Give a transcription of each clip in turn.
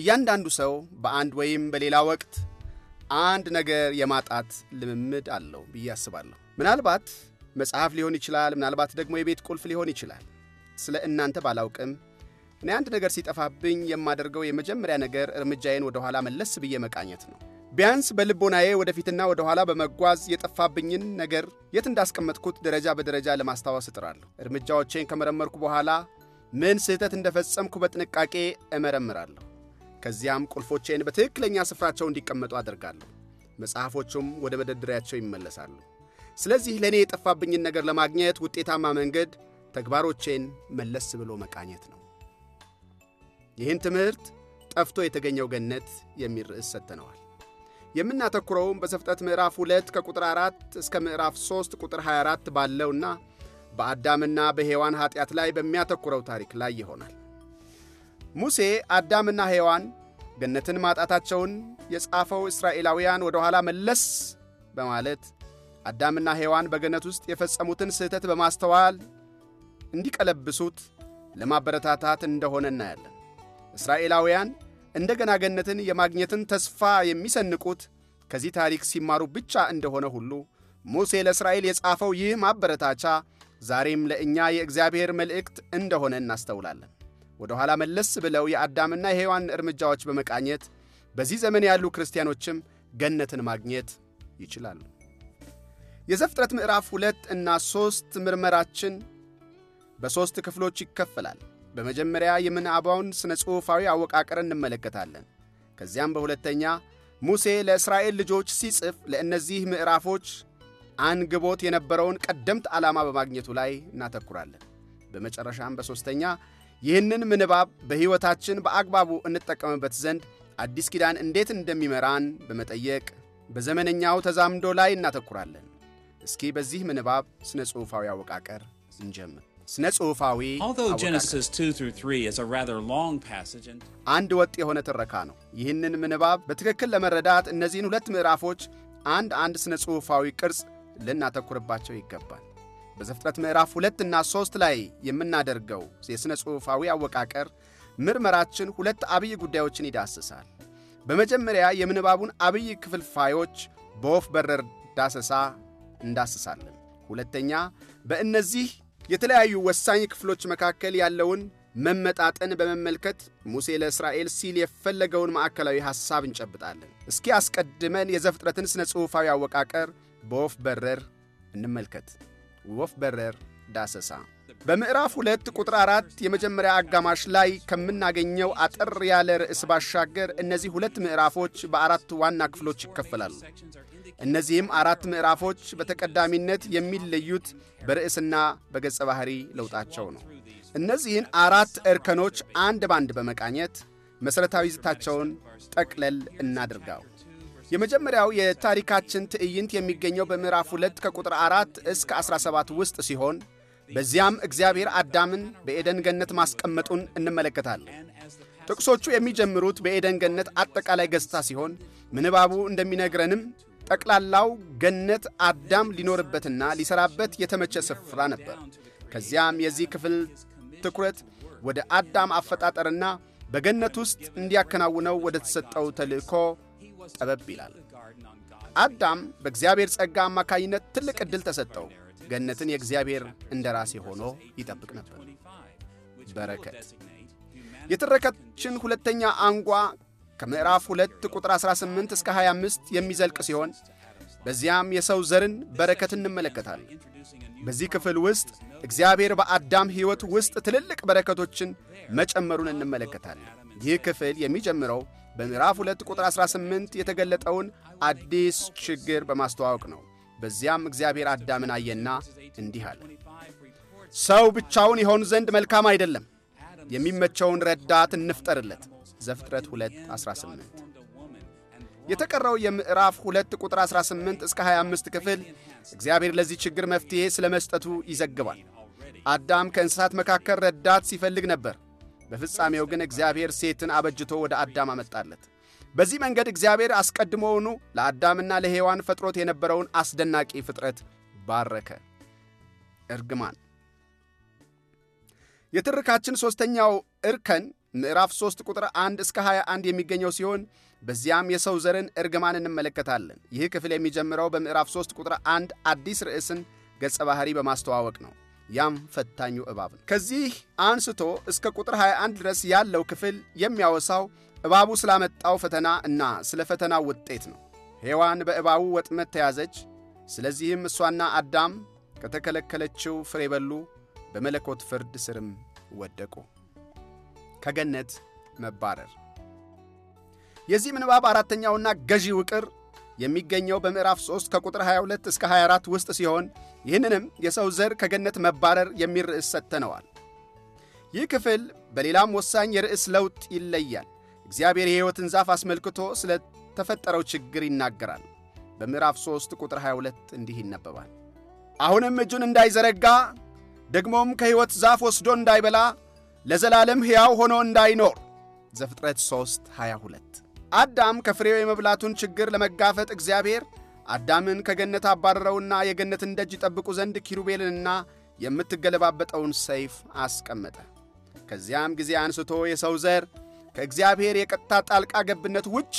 እያንዳንዱ ሰው በአንድ ወይም በሌላ ወቅት አንድ ነገር የማጣት ልምምድ አለው ብዬ አስባለሁ። ምናልባት መጽሐፍ ሊሆን ይችላል፣ ምናልባት ደግሞ የቤት ቁልፍ ሊሆን ይችላል። ስለ እናንተ ባላውቅም እኔ አንድ ነገር ሲጠፋብኝ የማደርገው የመጀመሪያ ነገር እርምጃዬን ወደ ኋላ መለስ ብዬ መቃኘት ነው። ቢያንስ በልቦናዬ ወደፊትና ወደ ኋላ በመጓዝ የጠፋብኝን ነገር የት እንዳስቀመጥኩት ደረጃ በደረጃ ለማስታወስ እጥራለሁ። እርምጃዎቼን ከመረመርኩ በኋላ ምን ስህተት እንደፈጸምኩ በጥንቃቄ እመረምራለሁ። ከዚያም ቁልፎቼን በትክክለኛ ስፍራቸው እንዲቀመጡ አደርጋለሁ። መጽሐፎቹም ወደ መደድሪያቸው ይመለሳሉ። ስለዚህ ለእኔ የጠፋብኝን ነገር ለማግኘት ውጤታማ መንገድ ተግባሮቼን መለስ ብሎ መቃኘት ነው። ይህን ትምህርት ጠፍቶ የተገኘው ገነት የሚል ርዕስ ሰተነዋል የምናተኩረውም በሰፍጠት ምዕራፍ 2 ከቁጥር 4 እስከ ምዕራፍ 3 ቁጥር 24 ባለውና በአዳምና በሔዋን ኀጢአት ላይ በሚያተኩረው ታሪክ ላይ ይሆናል። ሙሴ አዳምና ሔዋን ገነትን ማጣታቸውን የጻፈው እስራኤላውያን ወደ ኋላ መለስ በማለት አዳምና ሔዋን በገነት ውስጥ የፈጸሙትን ስህተት በማስተዋል እንዲቀለብሱት ለማበረታታት እንደሆነ እናያለን። እስራኤላውያን እንደገና ገነትን የማግኘትን ተስፋ የሚሰንቁት ከዚህ ታሪክ ሲማሩ ብቻ እንደሆነ ሁሉ ሙሴ ለእስራኤል የጻፈው ይህ ማበረታቻ ዛሬም ለእኛ የእግዚአብሔር መልእክት እንደሆነ እናስተውላለን። ወደ ኋላ መለስ ብለው የአዳምና የሔዋን እርምጃዎች በመቃኘት በዚህ ዘመን ያሉ ክርስቲያኖችም ገነትን ማግኘት ይችላሉ። የዘፍጥረት ምዕራፍ ሁለት እና ሦስት ምርመራችን በሦስት ክፍሎች ይከፈላል። በመጀመሪያ የምናባውን ሥነ ጽሑፋዊ አወቃቀር እንመለከታለን። ከዚያም በሁለተኛ ሙሴ ለእስራኤል ልጆች ሲጽፍ ለእነዚህ ምዕራፎች አንግቦት የነበረውን ቀደምት ዓላማ በማግኘቱ ላይ እናተኩራለን። በመጨረሻም በሦስተኛ ይህንን ምንባብ በሕይወታችን በአግባቡ እንጠቀምበት ዘንድ አዲስ ኪዳን እንዴት እንደሚመራን በመጠየቅ በዘመነኛው ተዛምዶ ላይ እናተኩራለን። እስኪ በዚህ ምንባብ ሥነ ጽሑፋዊ አወቃቀር እንጀምር። ስነ ጽሑፋዊ አንድ ወጥ የሆነ ትረካ ነው። ይህንን ምንባብ በትክክል ለመረዳት እነዚህን ሁለት ምዕራፎች አንድ አንድ ስነ ጽሑፋዊ ቅርጽ ልናተኩርባቸው ይገባል። በዘፍጥረት ምዕራፍ ሁለት እና ሦስት ላይ የምናደርገው የሥነ ጽሑፋዊ አወቃቀር ምርመራችን ሁለት አብይ ጉዳዮችን ይዳስሳል። በመጀመሪያ የምንባቡን አብይ ክፍልፋዮች በወፍ በረር ዳሰሳ እንዳስሳለን። ሁለተኛ በእነዚህ የተለያዩ ወሳኝ ክፍሎች መካከል ያለውን መመጣጠን በመመልከት ሙሴ ለእስራኤል ሲል የፈለገውን ማዕከላዊ ሐሳብ እንጨብጣለን። እስኪ አስቀድመን የዘፍጥረትን ሥነ ጽሑፋዊ አወቃቀር በወፍ በረር እንመልከት። ወፍ በረር ዳሰሳ በምዕራፍ ሁለት ቁጥር አራት የመጀመሪያ አጋማሽ ላይ ከምናገኘው አጠር ያለ ርዕስ ባሻገር እነዚህ ሁለት ምዕራፎች በአራት ዋና ክፍሎች ይከፈላሉ። እነዚህም አራት ምዕራፎች በተቀዳሚነት የሚለዩት በርዕስና በገጸ ባህሪ ለውጣቸው ነው። እነዚህን አራት እርከኖች አንድ ባንድ በመቃኘት መሠረታዊ ይዘታቸውን ጠቅለል እናድርጋው። የመጀመሪያው የታሪካችን ትዕይንት የሚገኘው በምዕራፍ 2 ከቁጥር 4 እስከ 17 ውስጥ ሲሆን በዚያም እግዚአብሔር አዳምን በኤደን ገነት ማስቀመጡን እንመለከታለን። ጥቅሶቹ የሚጀምሩት በኤደን ገነት አጠቃላይ ገጽታ ሲሆን ምንባቡ እንደሚነግረንም ጠቅላላው ገነት አዳም ሊኖርበትና ሊሰራበት የተመቸ ስፍራ ነበር። ከዚያም የዚህ ክፍል ትኩረት ወደ አዳም አፈጣጠርና በገነት ውስጥ እንዲያከናውነው ወደ ተሰጠው ተልእኮ ጠበብ ይላል። አዳም በእግዚአብሔር ጸጋ አማካኝነት ትልቅ ዕድል ተሰጠው። ገነትን የእግዚአብሔር እንደራሴ ሆኖ ይጠብቅ ነበር። በረከት የትረካችን ሁለተኛ አንጓ ከምዕራፍ 2 ቁጥር 18 እስከ 25 የሚዘልቅ ሲሆን በዚያም የሰው ዘርን በረከት እንመለከታለን። በዚህ ክፍል ውስጥ እግዚአብሔር በአዳም ሕይወት ውስጥ ትልልቅ በረከቶችን መጨመሩን እንመለከታለን። ይህ ክፍል የሚጀምረው በምዕራፍ 2 ቁጥር 18 የተገለጠውን አዲስ ችግር በማስተዋወቅ ነው። በዚያም እግዚአብሔር አዳምን አየና እንዲህ አለ፣ ሰው ብቻውን ይሆን ዘንድ መልካም አይደለም፣ የሚመቸውን ረዳት እንፍጠርለት። ዘፍጥረት 2:18 የተቀረው የምዕራፍ 2 ቁጥር 18 እስከ 25 ክፍል እግዚአብሔር ለዚህ ችግር መፍትሔ ስለ መስጠቱ ይዘግባል። አዳም ከእንስሳት መካከል ረዳት ሲፈልግ ነበር። በፍጻሜው ግን እግዚአብሔር ሴትን አበጅቶ ወደ አዳም አመጣለት። በዚህ መንገድ እግዚአብሔር አስቀድሞውኑ ለአዳምና ለሔዋን ፈጥሮት የነበረውን አስደናቂ ፍጥረት ባረከ። እርግማን። የትርካችን ሦስተኛው እርከን ምዕራፍ 3 ቁጥር 1 እስከ 21 የሚገኘው ሲሆን በዚያም የሰው ዘርን እርግማን እንመለከታለን። ይህ ክፍል የሚጀምረው በምዕራፍ 3 ቁጥር 1 አዲስ ርዕስን ገጸ ባህሪ በማስተዋወቅ ነው። ያም ፈታኙ እባብ ነው። ከዚህ አንስቶ እስከ ቁጥር 21 ድረስ ያለው ክፍል የሚያወሳው እባቡ ስላመጣው ፈተና እና ስለ ፈተናው ውጤት ነው። ሔዋን በእባቡ ወጥመድ ተያዘች። ስለዚህም እሷና አዳም ከተከለከለችው ፍሬ በሉ፣ በመለኮት ፍርድ ስርም ወደቁ። ከገነት መባረር የዚህ ምንባብ አራተኛውና ገዢ ውቅር የሚገኘው በምዕራፍ 3 ከቁጥር 22 እስከ 24 ውስጥ ሲሆን ይህንንም የሰው ዘር ከገነት መባረር የሚል ርዕስ ሰጥተነዋል። ይህ ክፍል በሌላም ወሳኝ የርዕስ ለውጥ ይለያል። እግዚአብሔር የሕይወትን ዛፍ አስመልክቶ ስለ ተፈጠረው ችግር ይናገራል። በምዕራፍ 3 ቁጥር 22 እንዲህ ይነበባል። አሁንም እጁን እንዳይዘረጋ ደግሞም ከሕይወት ዛፍ ወስዶ እንዳይበላ ለዘላለም ሕያው ሆኖ እንዳይኖር ዘፍጥረት 3 22 አዳም ከፍሬው የመብላቱን ችግር ለመጋፈጥ እግዚአብሔር አዳምን ከገነት አባረረውና የገነትን ደጅ ይጠብቁ ዘንድ ኪሩቤልንና የምትገለባበጠውን ሰይፍ አስቀመጠ። ከዚያም ጊዜ አንስቶ የሰው ዘር ከእግዚአብሔር የቀጥታ ጣልቃ ገብነት ውጪ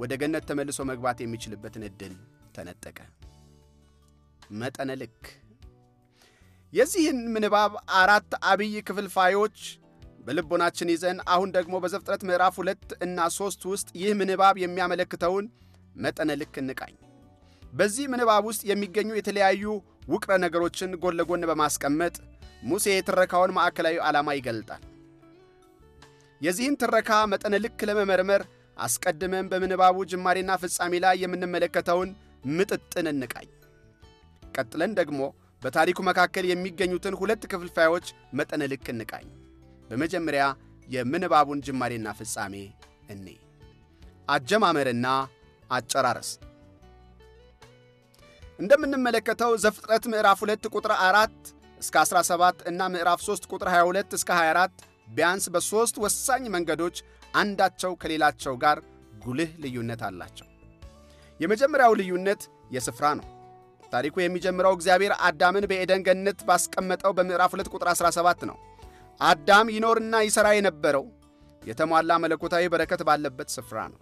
ወደ ገነት ተመልሶ መግባት የሚችልበትን ዕድል ተነጠቀ። መጠነ ልክ የዚህን ምንባብ አራት አብይ ክፍልፋዮች በልቦናችን ይዘን አሁን ደግሞ በዘፍጥረት ምዕራፍ ሁለት እና ሦስት ውስጥ ይህ ምንባብ የሚያመለክተውን መጠነ ልክ እንቃኝ። በዚህ ምንባብ ውስጥ የሚገኙ የተለያዩ ውቅረ ነገሮችን ጎን ለጎን በማስቀመጥ ሙሴ የትረካውን ማዕከላዊ ዓላማ ይገልጣል። የዚህን ትረካ መጠነ ልክ ለመመርመር አስቀድመን በምንባቡ ጅማሬና ፍጻሜ ላይ የምንመለከተውን ምጥጥን እንቃኝ። ቀጥለን ደግሞ በታሪኩ መካከል የሚገኙትን ሁለት ክፍልፋዮች መጠነ ልክ እንቃኝ። በመጀመሪያ የምንባቡን ጅማሬና ፍጻሜ እኔ አጀማመርና አጨራረስ እንደምንመለከተው ዘፍጥረት ምዕራፍ 2 ቁጥር 4 እስከ 17 እና ምዕራፍ 3 ቁጥር 22 እስከ 24 ቢያንስ በሦስት ወሳኝ መንገዶች አንዳቸው ከሌላቸው ጋር ጉልህ ልዩነት አላቸው። የመጀመሪያው ልዩነት የስፍራ ነው። ታሪኩ የሚጀምረው እግዚአብሔር አዳምን በኤደን ገነት ባስቀመጠው በምዕራፍ 2 ቁጥር 17 ነው። አዳም ይኖርና ይሠራ የነበረው የተሟላ መለኮታዊ በረከት ባለበት ስፍራ ነው።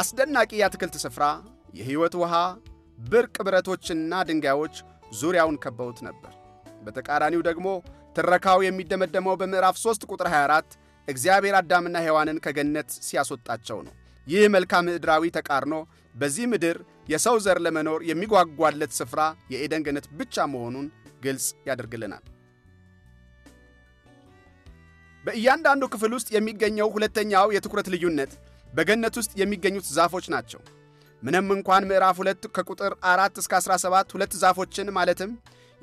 አስደናቂ የአትክልት ስፍራ፣ የሕይወት ውሃ፣ ብርቅ ብረቶችና ድንጋዮች ዙሪያውን ከበውት ነበር። በተቃራኒው ደግሞ ትረካው የሚደመደመው በምዕራፍ 3 ቁጥር 24 እግዚአብሔር አዳምና ሔዋንን ከገነት ሲያስወጣቸው ነው። ይህ መልካም ምድራዊ ተቃርኖ በዚህ ምድር የሰው ዘር ለመኖር የሚጓጓለት ስፍራ የኤደን ገነት ብቻ መሆኑን ግልጽ ያደርግልናል። በእያንዳንዱ ክፍል ውስጥ የሚገኘው ሁለተኛው የትኩረት ልዩነት በገነት ውስጥ የሚገኙት ዛፎች ናቸው። ምንም እንኳን ምዕራፍ ሁለት ከቁጥር አራት እስከ 17 ሁለት ዛፎችን ማለትም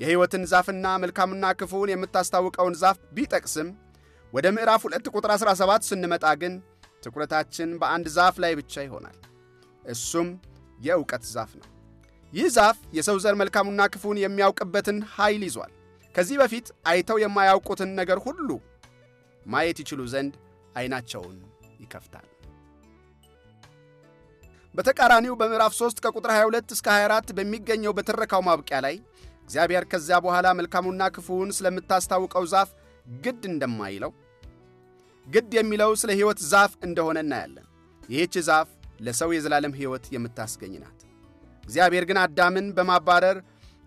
የሕይወትን ዛፍና መልካምና ክፉውን የምታስታውቀውን ዛፍ ቢጠቅስም ወደ ምዕራፍ ሁለት ቁጥር 17 ስንመጣ ግን ትኩረታችን በአንድ ዛፍ ላይ ብቻ ይሆናል። እሱም የእውቀት ዛፍ ነው። ይህ ዛፍ የሰው ዘር መልካሙና ክፉን የሚያውቅበትን ኃይል ይዟል። ከዚህ በፊት አይተው የማያውቁትን ነገር ሁሉ ማየት ይችሉ ዘንድ ዐይናቸውን ይከፍታል። በተቃራኒው በምዕራፍ 3 ከቁጥር 22 እስከ 24 በሚገኘው በትረካው ማብቂያ ላይ እግዚአብሔር ከዚያ በኋላ መልካሙና ክፉውን ስለምታስታውቀው ዛፍ ግድ እንደማይለው ግድ የሚለው ስለ ሕይወት ዛፍ እንደሆነ እናያለን። ይህች ዛፍ ለሰው የዘላለም ሕይወት የምታስገኝ ናት። እግዚአብሔር ግን አዳምን በማባረር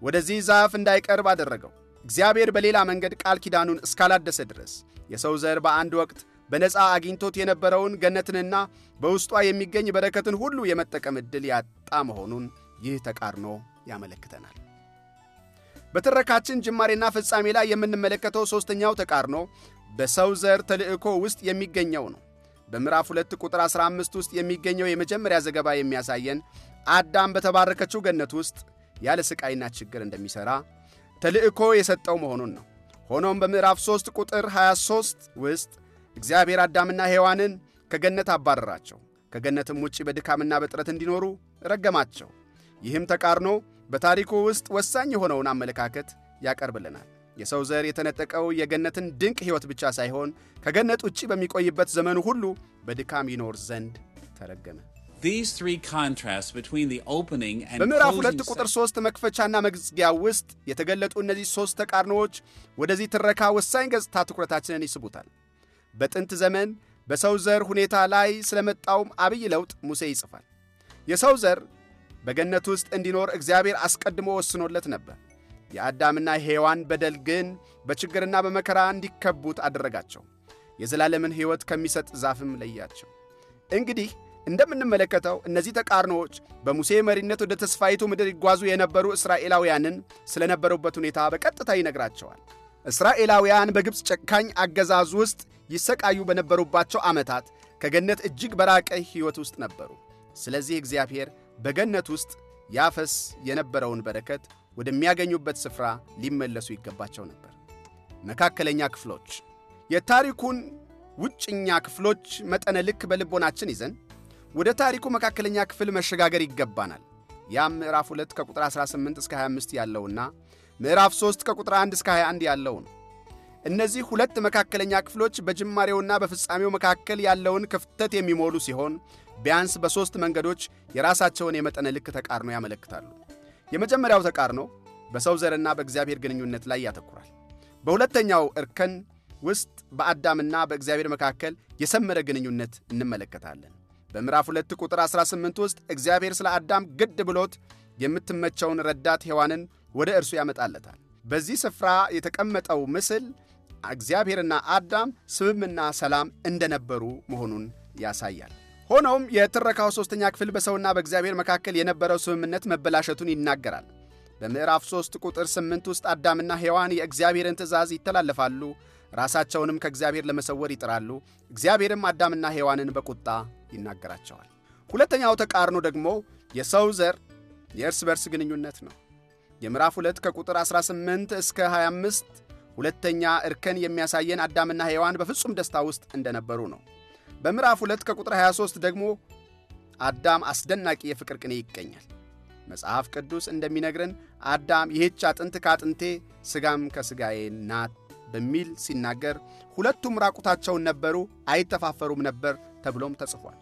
ወደዚህ ዛፍ እንዳይቀርብ አደረገው። እግዚአብሔር በሌላ መንገድ ቃል ኪዳኑን እስካላደሰ ድረስ የሰው ዘር በአንድ ወቅት በነፃ አግኝቶት የነበረውን ገነትንና በውስጧ የሚገኝ በረከትን ሁሉ የመጠቀም ዕድል ያጣ መሆኑን ይህ ተቃርኖ ያመለክተናል። በትረካችን ጅማሬና ፍጻሜ ላይ የምንመለከተው ሦስተኛው ተቃርኖ በሰው ዘር ተልእኮ ውስጥ የሚገኘው ነው። በምዕራፍ 2 ቁጥር 15 ውስጥ የሚገኘው የመጀመሪያ ዘገባ የሚያሳየን አዳም በተባረከችው ገነት ውስጥ ያለ ሥቃይና ችግር እንደሚሠራ ተልእኮ የሰጠው መሆኑን ነው። ሆኖም በምዕራፍ 3 ቁጥር 23 ውስጥ እግዚአብሔር አዳምና ሔዋንን ከገነት አባረራቸው። ከገነትም ውጪ በድካምና በጥረት እንዲኖሩ ረገማቸው። ይህም ተቃርኖ በታሪኩ ውስጥ ወሳኝ የሆነውን አመለካከት ያቀርብልናል። የሰው ዘር የተነጠቀው የገነትን ድንቅ ሕይወት ብቻ ሳይሆን ከገነት ውጪ በሚቆይበት ዘመኑ ሁሉ በድካም ይኖር ዘንድ ተረገመ። በምዕራፍ ሁለት ቁጥር ሦስት መክፈቻና መግቢያ ውስጥ የተገለጡ እነዚህ ሦስት ተቃርኖዎች ወደዚህ ትረካ ወሳኝ ገጽታ ትኩረታችንን ይስቡታል። በጥንት ዘመን በሰው ዘር ሁኔታ ላይ ስለመጣውም አብይ ለውጥ ሙሴ ይጽፋል። የሰው ዘር በገነት ውስጥ እንዲኖር እግዚአብሔር አስቀድሞ ወስኖለት ነበር። የአዳምና ሔዋን በደል ግን በችግርና በመከራ እንዲከቡት አደረጋቸው። የዘላለምን ሕይወት ከሚሰጥ ዛፍም ለያቸው። እንግዲህ እንደምንመለከተው እነዚህ ተቃርኖዎች በሙሴ መሪነት ወደ ተስፋይቱ ምድር ይጓዙ የነበሩ እስራኤላውያንን ስለነበሩበት ሁኔታ በቀጥታ ይነግራቸዋል። እስራኤላውያን በግብፅ ጨካኝ አገዛዝ ውስጥ ይሰቃዩ በነበሩባቸው ዓመታት ከገነት እጅግ በራቀ ሕይወት ውስጥ ነበሩ። ስለዚህ እግዚአብሔር በገነት ውስጥ ያፈስ የነበረውን በረከት ወደሚያገኙበት ስፍራ ሊመለሱ ይገባቸው ነበር። መካከለኛ ክፍሎች የታሪኩን ውጭኛ ክፍሎች መጠነ ልክ በልቦናችን ይዘን ወደ ታሪኩ መካከለኛ ክፍል መሸጋገር ይገባናል። ያም ምዕራፍ 2 ከቁጥር 18 እስከ 25 ያለውና ምዕራፍ 3 ከቁጥር 1 እስከ 21 ያለው ነው። እነዚህ ሁለት መካከለኛ ክፍሎች በጅማሬውና በፍጻሜው መካከል ያለውን ክፍተት የሚሞሉ ሲሆን ቢያንስ በሦስት መንገዶች የራሳቸውን የመጠነ ልክ ተቃርኖ ያመለክታሉ። የመጀመሪያው ተቃርኖ በሰው ዘርና በእግዚአብሔር ግንኙነት ላይ ያተኩራል። በሁለተኛው እርከን ውስጥ በአዳምና በእግዚአብሔር መካከል የሰመረ ግንኙነት እንመለከታለን። በምዕራፍ 2 ቁጥር 18 ውስጥ እግዚአብሔር ስለ አዳም ግድ ብሎት የምትመቸውን ረዳት ሔዋንን ወደ እርሱ ያመጣለታል። በዚህ ስፍራ የተቀመጠው ምስል እግዚአብሔርና አዳም ስምምና ሰላም እንደነበሩ መሆኑን ያሳያል። ሆኖም የትረካው ሦስተኛ ክፍል በሰውና በእግዚአብሔር መካከል የነበረው ስምምነት መበላሸቱን ይናገራል። በምዕራፍ 3 ቁጥር 8 ውስጥ አዳምና ሔዋን የእግዚአብሔርን ትእዛዝ ይተላለፋሉ፣ ራሳቸውንም ከእግዚአብሔር ለመሰወር ይጥራሉ። እግዚአብሔርም አዳምና ሔዋንን በቁጣ ይናገራቸዋል። ሁለተኛው ተቃርኖ ደግሞ የሰው ዘር የእርስ በርስ ግንኙነት ነው። የምዕራፍ 2 ከቁጥር 18 እስከ 25 ሁለተኛ እርከን የሚያሳየን አዳምና ሔዋን በፍጹም ደስታ ውስጥ እንደነበሩ ነው። በምዕራፍ 2 ከቁጥር 23 ደግሞ አዳም አስደናቂ የፍቅር ቅኔ ይገኛል። መጽሐፍ ቅዱስ እንደሚነግረን አዳም ይህች አጥንት ከአጥንቴ ሥጋም ከሥጋዬ ናት በሚል ሲናገር ሁለቱም ራቁታቸውን ነበሩ፣ አይተፋፈሩም ነበር ተብሎም ተጽፏል።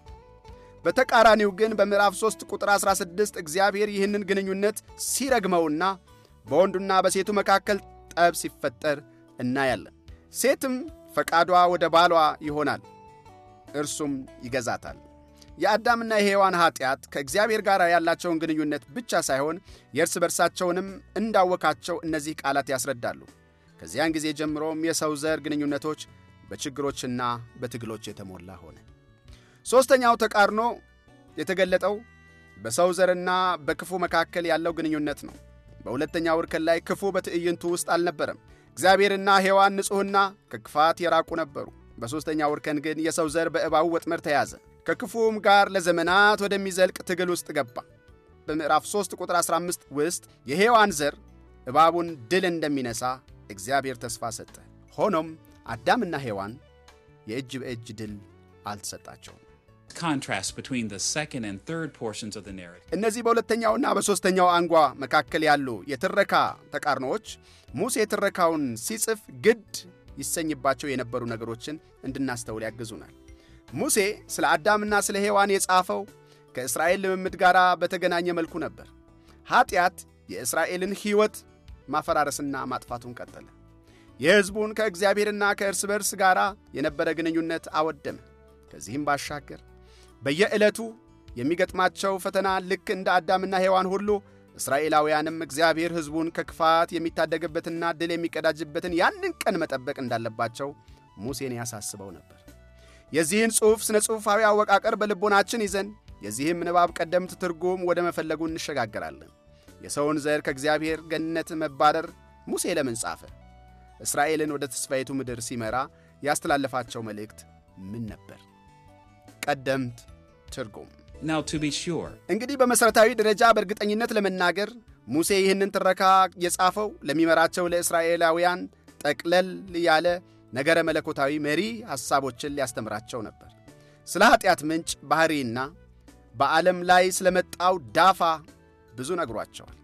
በተቃራኒው ግን በምዕራፍ 3 ቁጥር 16 እግዚአብሔር ይህንን ግንኙነት ሲረግመውና በወንዱና በሴቱ መካከል ጠብ ሲፈጠር እናያለን። ሴትም ፈቃዷ ወደ ባሏ ይሆናል፣ እርሱም ይገዛታል። የአዳምና የሔዋን ኀጢአት ከእግዚአብሔር ጋር ያላቸውን ግንኙነት ብቻ ሳይሆን የእርስ በርሳቸውንም እንዳወካቸው እነዚህ ቃላት ያስረዳሉ። ከዚያን ጊዜ ጀምሮም የሰው ዘር ግንኙነቶች በችግሮችና በትግሎች የተሞላ ሆነ። ሦስተኛው ተቃርኖ የተገለጠው በሰው ዘርና በክፉ መካከል ያለው ግንኙነት ነው። በሁለተኛው እርከን ላይ ክፉ በትዕይንቱ ውስጥ አልነበረም። እግዚአብሔርና ሔዋን ንጹሕና ከክፋት የራቁ ነበሩ። በሦስተኛው እርከን ግን የሰው ዘር በእባቡ ወጥመድ ተያዘ፣ ከክፉም ጋር ለዘመናት ወደሚዘልቅ ትግል ውስጥ ገባ። በምዕራፍ 3 ቁጥር 15 ውስጥ የሔዋን ዘር እባቡን ድል እንደሚነሳ እግዚአብሔር ተስፋ ሰጠ። ሆኖም አዳምና ሔዋን የእጅ በእጅ ድል አልተሰጣቸውም። እነዚህ በሁለተኛውና በሦስተኛው አንጓ መካከል ያሉ የትረካ ተቃርኖዎች ሙሴ ትረካውን ሲጽፍ ግድ ይሰኝባቸው የነበሩ ነገሮችን እንድናስተውል ያግዙናል። ሙሴ ስለ አዳምና ስለ ሔዋን የጻፈው ከእስራኤል ልምምድ ጋር በተገናኘ መልኩ ነበር። ኀጢአት የእስራኤልን ሕይወት ማፈራረስና ማጥፋቱን ቀጠለ። የሕዝቡን ከእግዚአብሔርና ከእርስ በርስ ጋር የነበረ ግንኙነት አወደመ። ከዚህም ባሻገር በየዕለቱ የሚገጥማቸው ፈተና ልክ እንደ አዳምና ሔዋን ሁሉ እስራኤላውያንም እግዚአብሔር ሕዝቡን ከክፋት የሚታደግበትና ድል የሚቀዳጅበትን ያንን ቀን መጠበቅ እንዳለባቸው ሙሴን ያሳስበው ነበር። የዚህን ጽሑፍ ሥነ ጽሑፋዊ አወቃቀር በልቦናችን ይዘን የዚህም ንባብ ቀደምት ትርጉም ወደ መፈለጉ እንሸጋገራለን። የሰውን ዘር ከእግዚአብሔር ገነት መባረር ሙሴ ለምን ጻፈ? እስራኤልን ወደ ተስፋይቱ ምድር ሲመራ ያስተላለፋቸው መልእክት ምን ነበር? ቀደምት ትርጉም እንግዲህ በመሠረታዊ ደረጃ በእርግጠኝነት ለመናገር ሙሴ ይህንን ትረካ የጻፈው ለሚመራቸው ለእስራኤላውያን ጠቅለል ያለ ነገረ መለኮታዊ መሪ ሐሳቦችን ሊያስተምራቸው ነበር። ስለ ኀጢአት ምንጭ ባሕሪና በዓለም ላይ ስለመጣው ዳፋ ብዙ ነግሯቸዋል።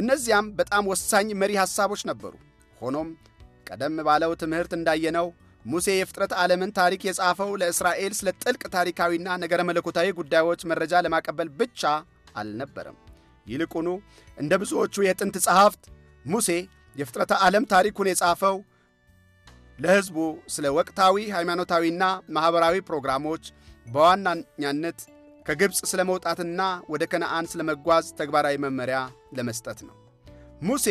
እነዚያም በጣም ወሳኝ መሪ ሐሳቦች ነበሩ። ሆኖም ቀደም ባለው ትምህርት እንዳየነው ሙሴ የፍጥረት ዓለምን ታሪክ የጻፈው ለእስራኤል ስለ ጥልቅ ታሪካዊና ነገረ መለኮታዊ ጉዳዮች መረጃ ለማቀበል ብቻ አልነበረም። ይልቁኑ እንደ ብዙዎቹ የጥንት ጸሐፍት ሙሴ የፍጥረተ ዓለም ታሪኩን የጻፈው ለሕዝቡ ስለ ወቅታዊ ሃይማኖታዊና ማኅበራዊ ፕሮግራሞች በዋነኛነት ከግብፅ ስለ መውጣትና ወደ ከነአን ስለ መጓዝ ተግባራዊ መመሪያ ለመስጠት ነው። ሙሴ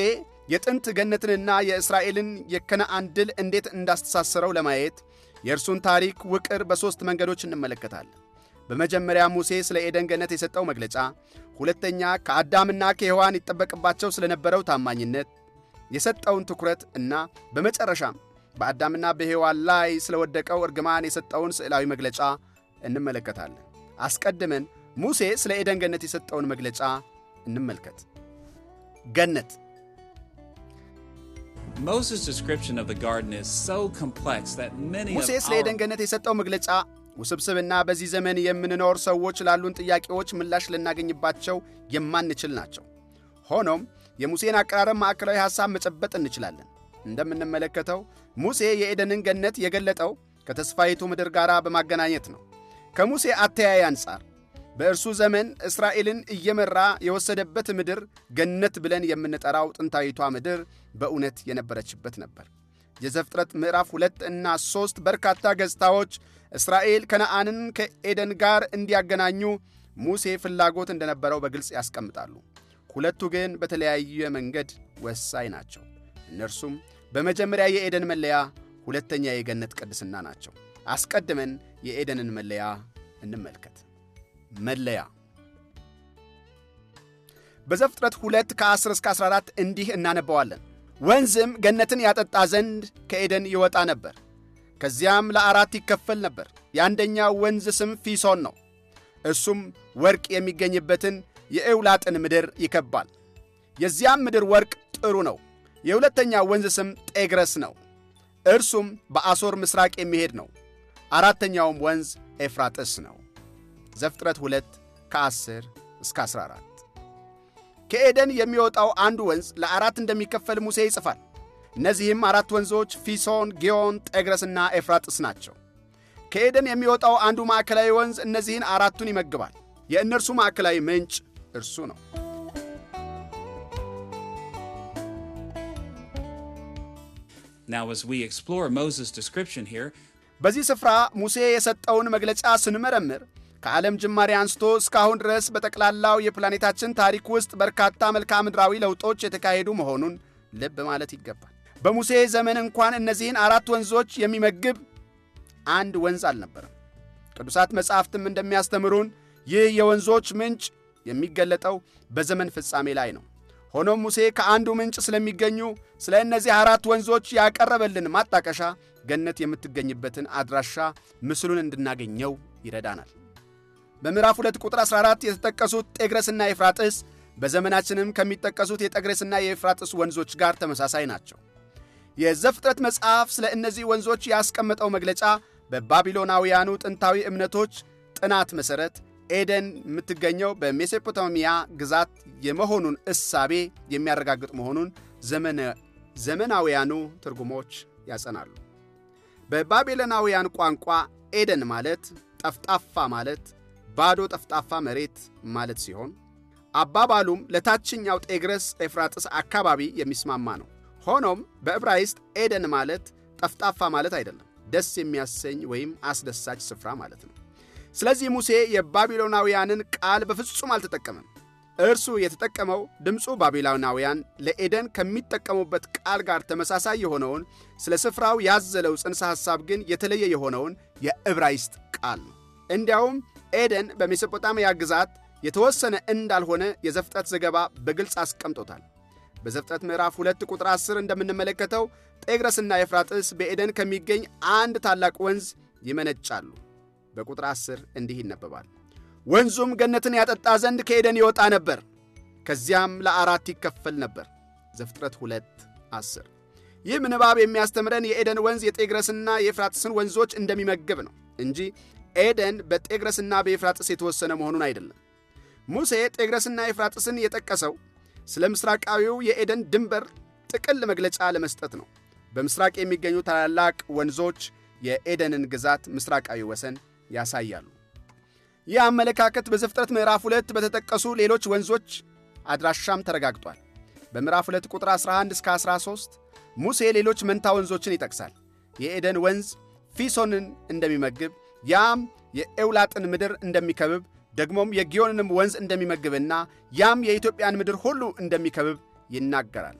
የጥንት ገነትንና የእስራኤልን የከነአን ድል እንዴት እንዳስተሳሰረው ለማየት የእርሱን ታሪክ ውቅር በሦስት መንገዶች እንመለከታለን። በመጀመሪያ ሙሴ ስለ ኤደን ገነት የሰጠው መግለጫ፣ ሁለተኛ ከአዳምና ከሔዋን ይጠበቅባቸው ስለነበረው ታማኝነት የሰጠውን ትኩረት እና በመጨረሻም በአዳምና በሔዋን ላይ ስለወደቀው እርግማን የሰጠውን ስዕላዊ መግለጫ እንመለከታለን። አስቀድመን ሙሴ ስለ ኤደን ገነት የሰጠውን መግለጫ እንመልከት። ገነት ሙሴ ስለ ኤደን ገነት የሰጠው መግለጫ ውስብስብና በዚህ ዘመን የምንኖር ሰዎች ላሉን ጥያቄዎች ምላሽ ልናገኝባቸው የማንችል ናቸው። ሆኖም የሙሴን አቀራረብ ማዕከላዊ ሐሳብ መጨበጥ እንችላለን። እንደምንመለከተው ሙሴ የኤደንን ገነት የገለጠው ከተስፋይቱ ምድር ጋር በማገናኘት ነው። ከሙሴ አተያይ አንጻር በእርሱ ዘመን እስራኤልን እየመራ የወሰደበት ምድር ገነት ብለን የምንጠራው ጥንታዊቷ ምድር በእውነት የነበረችበት ነበር። የዘፍጥረት ምዕራፍ ሁለት እና ሦስት በርካታ ገጽታዎች እስራኤል ከነአንን ከኤደን ጋር እንዲያገናኙ ሙሴ ፍላጎት እንደነበረው በግልጽ ያስቀምጣሉ። ሁለቱ ግን በተለያየ መንገድ ወሳኝ ናቸው። እነርሱም በመጀመሪያ የኤደን መለያ፣ ሁለተኛ የገነት ቅድስና ናቸው። አስቀድመን የኤደንን መለያ እንመልከት። መለያ በዘፍጥረት ሁለት ከ10 እስከ 14 እንዲህ እናነባዋለን። ወንዝም ገነትን ያጠጣ ዘንድ ከኤደን ይወጣ ነበር፣ ከዚያም ለአራት ይከፈል ነበር። የአንደኛው ወንዝ ስም ፊሶን ነው፣ እሱም ወርቅ የሚገኝበትን የእውላጥን ምድር ይከባል። የዚያም ምድር ወርቅ ጥሩ ነው። የሁለተኛው ወንዝ ስም ጤግረስ ነው፣ እርሱም በአሶር ምስራቅ የሚሄድ ነው። አራተኛውም ወንዝ ኤፍራጥስ ነው። ዘፍጥረት 2 ከ10 እስከ 14። ከኤደን የሚወጣው አንዱ ወንዝ ለአራት እንደሚከፈል ሙሴ ይጽፋል። እነዚህም አራት ወንዞች ፊሶን፣ ጊዮን፣ ጤግረስና ኤፍራጥስ ናቸው። ከኤደን የሚወጣው አንዱ ማዕከላዊ ወንዝ እነዚህን አራቱን ይመግባል። የእነርሱ ማዕከላዊ ምንጭ እርሱ ነው። Now, as we explore Moses' description here, በዚህ ስፍራ ሙሴ የሰጠውን መግለጫ ስንመረምር ከዓለም ጅማሬ አንስቶ እስካሁን ድረስ በጠቅላላው የፕላኔታችን ታሪክ ውስጥ በርካታ መልክዓ ምድራዊ ለውጦች የተካሄዱ መሆኑን ልብ ማለት ይገባል። በሙሴ ዘመን እንኳን እነዚህን አራት ወንዞች የሚመግብ አንድ ወንዝ አልነበረም። ቅዱሳት መጻሕፍትም እንደሚያስተምሩን ይህ የወንዞች ምንጭ የሚገለጠው በዘመን ፍጻሜ ላይ ነው። ሆኖም ሙሴ ከአንዱ ምንጭ ስለሚገኙ ስለ እነዚህ አራት ወንዞች ያቀረበልን ማጣቀሻ ገነት የምትገኝበትን አድራሻ ምስሉን እንድናገኘው ይረዳናል። በምዕራፍ 2 ቁጥር 14 የተጠቀሱት ጤግረስና ኤፍራጥስ በዘመናችንም ከሚጠቀሱት የጤግረስና የኤፍራጥስ ወንዞች ጋር ተመሳሳይ ናቸው። የዘፍጥረት መጽሐፍ ስለ እነዚህ ወንዞች ያስቀመጠው መግለጫ በባቢሎናውያኑ ጥንታዊ እምነቶች ጥናት መሠረት ኤደን የምትገኘው በሜሶፖታሚያ ግዛት የመሆኑን እሳቤ የሚያረጋግጥ መሆኑን ዘመናውያኑ ትርጉሞች ያጸናሉ። በባቢሎናውያን ቋንቋ ኤደን ማለት ጠፍጣፋ ማለት ባዶ ጠፍጣፋ መሬት ማለት ሲሆን አባባሉም ለታችኛው ጤግረስ ኤፍራጥስ አካባቢ የሚስማማ ነው። ሆኖም በዕብራይስጥ ኤደን ማለት ጠፍጣፋ ማለት አይደለም፣ ደስ የሚያሰኝ ወይም አስደሳች ስፍራ ማለት ነው። ስለዚህ ሙሴ የባቢሎናውያንን ቃል በፍጹም አልተጠቀመም። እርሱ የተጠቀመው ድምፁ ባቢሎናውያን ለኤደን ከሚጠቀሙበት ቃል ጋር ተመሳሳይ የሆነውን ስለ ስፍራው ያዘለው ጽንሰ ሐሳብ ግን የተለየ የሆነውን የዕብራይስጥ ቃል ነው። እንዲያውም ኤደን በሜሶጶጣሚያ ግዛት የተወሰነ እንዳልሆነ የዘፍጥረት ዘገባ በግልጽ አስቀምጦታል። በዘፍጥረት ምዕራፍ 2 ቁጥር 10 እንደምንመለከተው ጤግረስና ኤፍራጥስ በኤደን ከሚገኝ አንድ ታላቅ ወንዝ ይመነጫሉ። በቁጥር 10 እንዲህ ይነበባል። ወንዙም ገነትን ያጠጣ ዘንድ ከኤደን ይወጣ ነበር፣ ከዚያም ለአራት ይከፈል ነበር። ዘፍጥረት ሁለት አስር ይህ ምንባብ የሚያስተምረን የኤደን ወንዝ የጤግረስና የኤፍራጥስን ወንዞች እንደሚመግብ ነው እንጂ ኤደን በጤግረስና በኤፍራጥስ የተወሰነ መሆኑን አይደለም። ሙሴ ጤግረስና ኤፍራጥስን የጠቀሰው ስለ ምስራቃዊው የኤደን ድንበር ጥቅል መግለጫ ለመስጠት ነው። በምስራቅ የሚገኙ ታላላቅ ወንዞች የኤደንን ግዛት ምስራቃዊ ወሰን ያሳያሉ። ይህ አመለካከት በዘፍጥረት ምዕራፍ ሁለት በተጠቀሱ ሌሎች ወንዞች አድራሻም ተረጋግጧል። በምዕራፍ ሁለት ቁጥር 11 እስከ 13 ሙሴ ሌሎች መንታ ወንዞችን ይጠቅሳል። የኤደን ወንዝ ፊሶንን እንደሚመግብ ያም የኤውላጥን ምድር እንደሚከብብ ደግሞም የጊዮንንም ወንዝ እንደሚመግብና ያም የኢትዮጵያን ምድር ሁሉ እንደሚከብብ ይናገራል።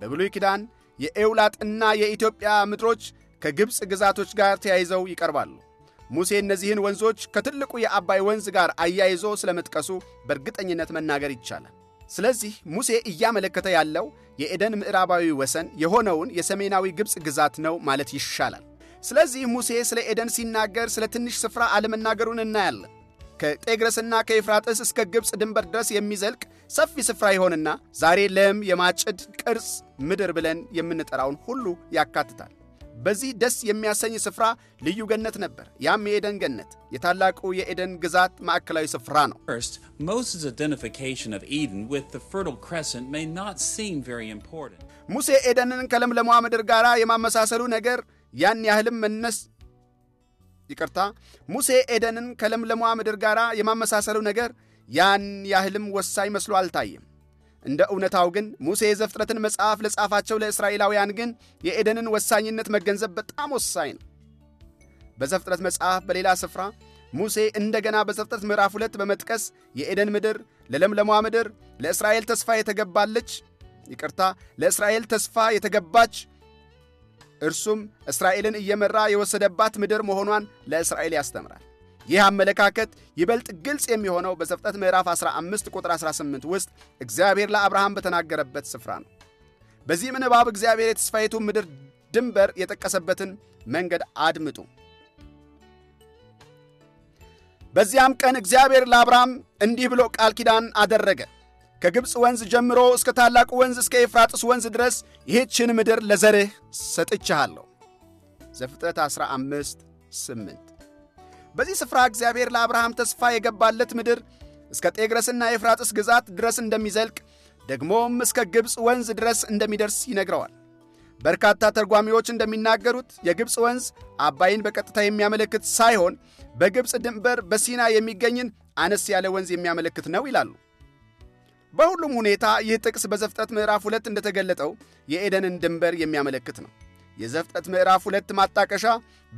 በብሉይ ኪዳን የኤውላጥና የኢትዮጵያ ምድሮች ከግብፅ ግዛቶች ጋር ተያይዘው ይቀርባሉ። ሙሴ እነዚህን ወንዞች ከትልቁ የአባይ ወንዝ ጋር አያይዞ ስለመጥቀሱ በእርግጠኝነት መናገር ይቻላል። ስለዚህ ሙሴ እያመለከተ ያለው የኤደን ምዕራባዊ ወሰን የሆነውን የሰሜናዊ ግብፅ ግዛት ነው ማለት ይሻላል። ስለዚህ ሙሴ ስለ ኤደን ሲናገር ስለ ትንሽ ስፍራ አለመናገሩን እናያለን። ከጤግረስና ከኤፍራጥስ እስከ ግብፅ ድንበር ድረስ የሚዘልቅ ሰፊ ስፍራ ይሆንና ዛሬ ለም የማጭድ ቅርጽ ምድር ብለን የምንጠራውን ሁሉ ያካትታል። በዚህ ደስ የሚያሰኝ ስፍራ ልዩ ገነት ነበር። ያም የኤደን ገነት የታላቁ የኤደን ግዛት ማዕከላዊ ስፍራ ነው። ሙሴ ኤደንን ከለምለሟ ምድር ጋር የማመሳሰሉ ነገር ያን ያህልም መነስ ይቅርታ፣ ሙሴ ኤደንን ከለምለሟ ምድር ጋር የማመሳሰሉ ነገር ያን ያህልም ወሳኝ መስሎ አልታየም። እንደ እውነታው ግን ሙሴ የዘፍጥረትን መጽሐፍ ለጻፋቸው ለእስራኤላውያን ግን የኤደንን ወሳኝነት መገንዘብ በጣም ወሳኝ ነው። በዘፍጥረት መጽሐፍ በሌላ ስፍራ ሙሴ እንደገና በዘፍጥረት ምዕራፍ ሁለት በመጥቀስ የኤደን ምድር ለለምለሟ ምድር ለእስራኤል ተስፋ የተገባለች ይቅርታ፣ ለእስራኤል ተስፋ የተገባች እርሱም እስራኤልን እየመራ የወሰደባት ምድር መሆኗን ለእስራኤል ያስተምራል። ይህ አመለካከት ይበልጥ ግልጽ የሚሆነው በዘፍጥረት ምዕራፍ 15 ቁጥር 18 ውስጥ እግዚአብሔር ለአብርሃም በተናገረበት ስፍራ ነው። በዚህ ምንባብ እግዚአብሔር የተስፋይቱ ምድር ድንበር የጠቀሰበትን መንገድ አድምጡ። በዚያም ቀን እግዚአብሔር ለአብርሃም እንዲህ ብሎ ቃል ኪዳን አደረገ። ከግብፅ ወንዝ ጀምሮ እስከ ታላቁ ወንዝ እስከ ኤፍራጥስ ወንዝ ድረስ ይህችን ምድር ለዘርህ ሰጥቻሃለሁ። ዘፍጥረት 15 8 በዚህ ስፍራ እግዚአብሔር ለአብርሃም ተስፋ የገባለት ምድር እስከ ጤግረስና የፍራጥስ ግዛት ድረስ እንደሚዘልቅ ደግሞም እስከ ግብፅ ወንዝ ድረስ እንደሚደርስ ይነግረዋል። በርካታ ተርጓሚዎች እንደሚናገሩት የግብፅ ወንዝ አባይን በቀጥታ የሚያመለክት ሳይሆን በግብፅ ድንበር በሲና የሚገኝን አነስ ያለ ወንዝ የሚያመለክት ነው ይላሉ። በሁሉም ሁኔታ ይህ ጥቅስ በዘፍጥረት ምዕራፍ ሁለት እንደተገለጠው የኤደንን ድንበር የሚያመለክት ነው። የዘፍጥረት ምዕራፍ ሁለት ማጣቀሻ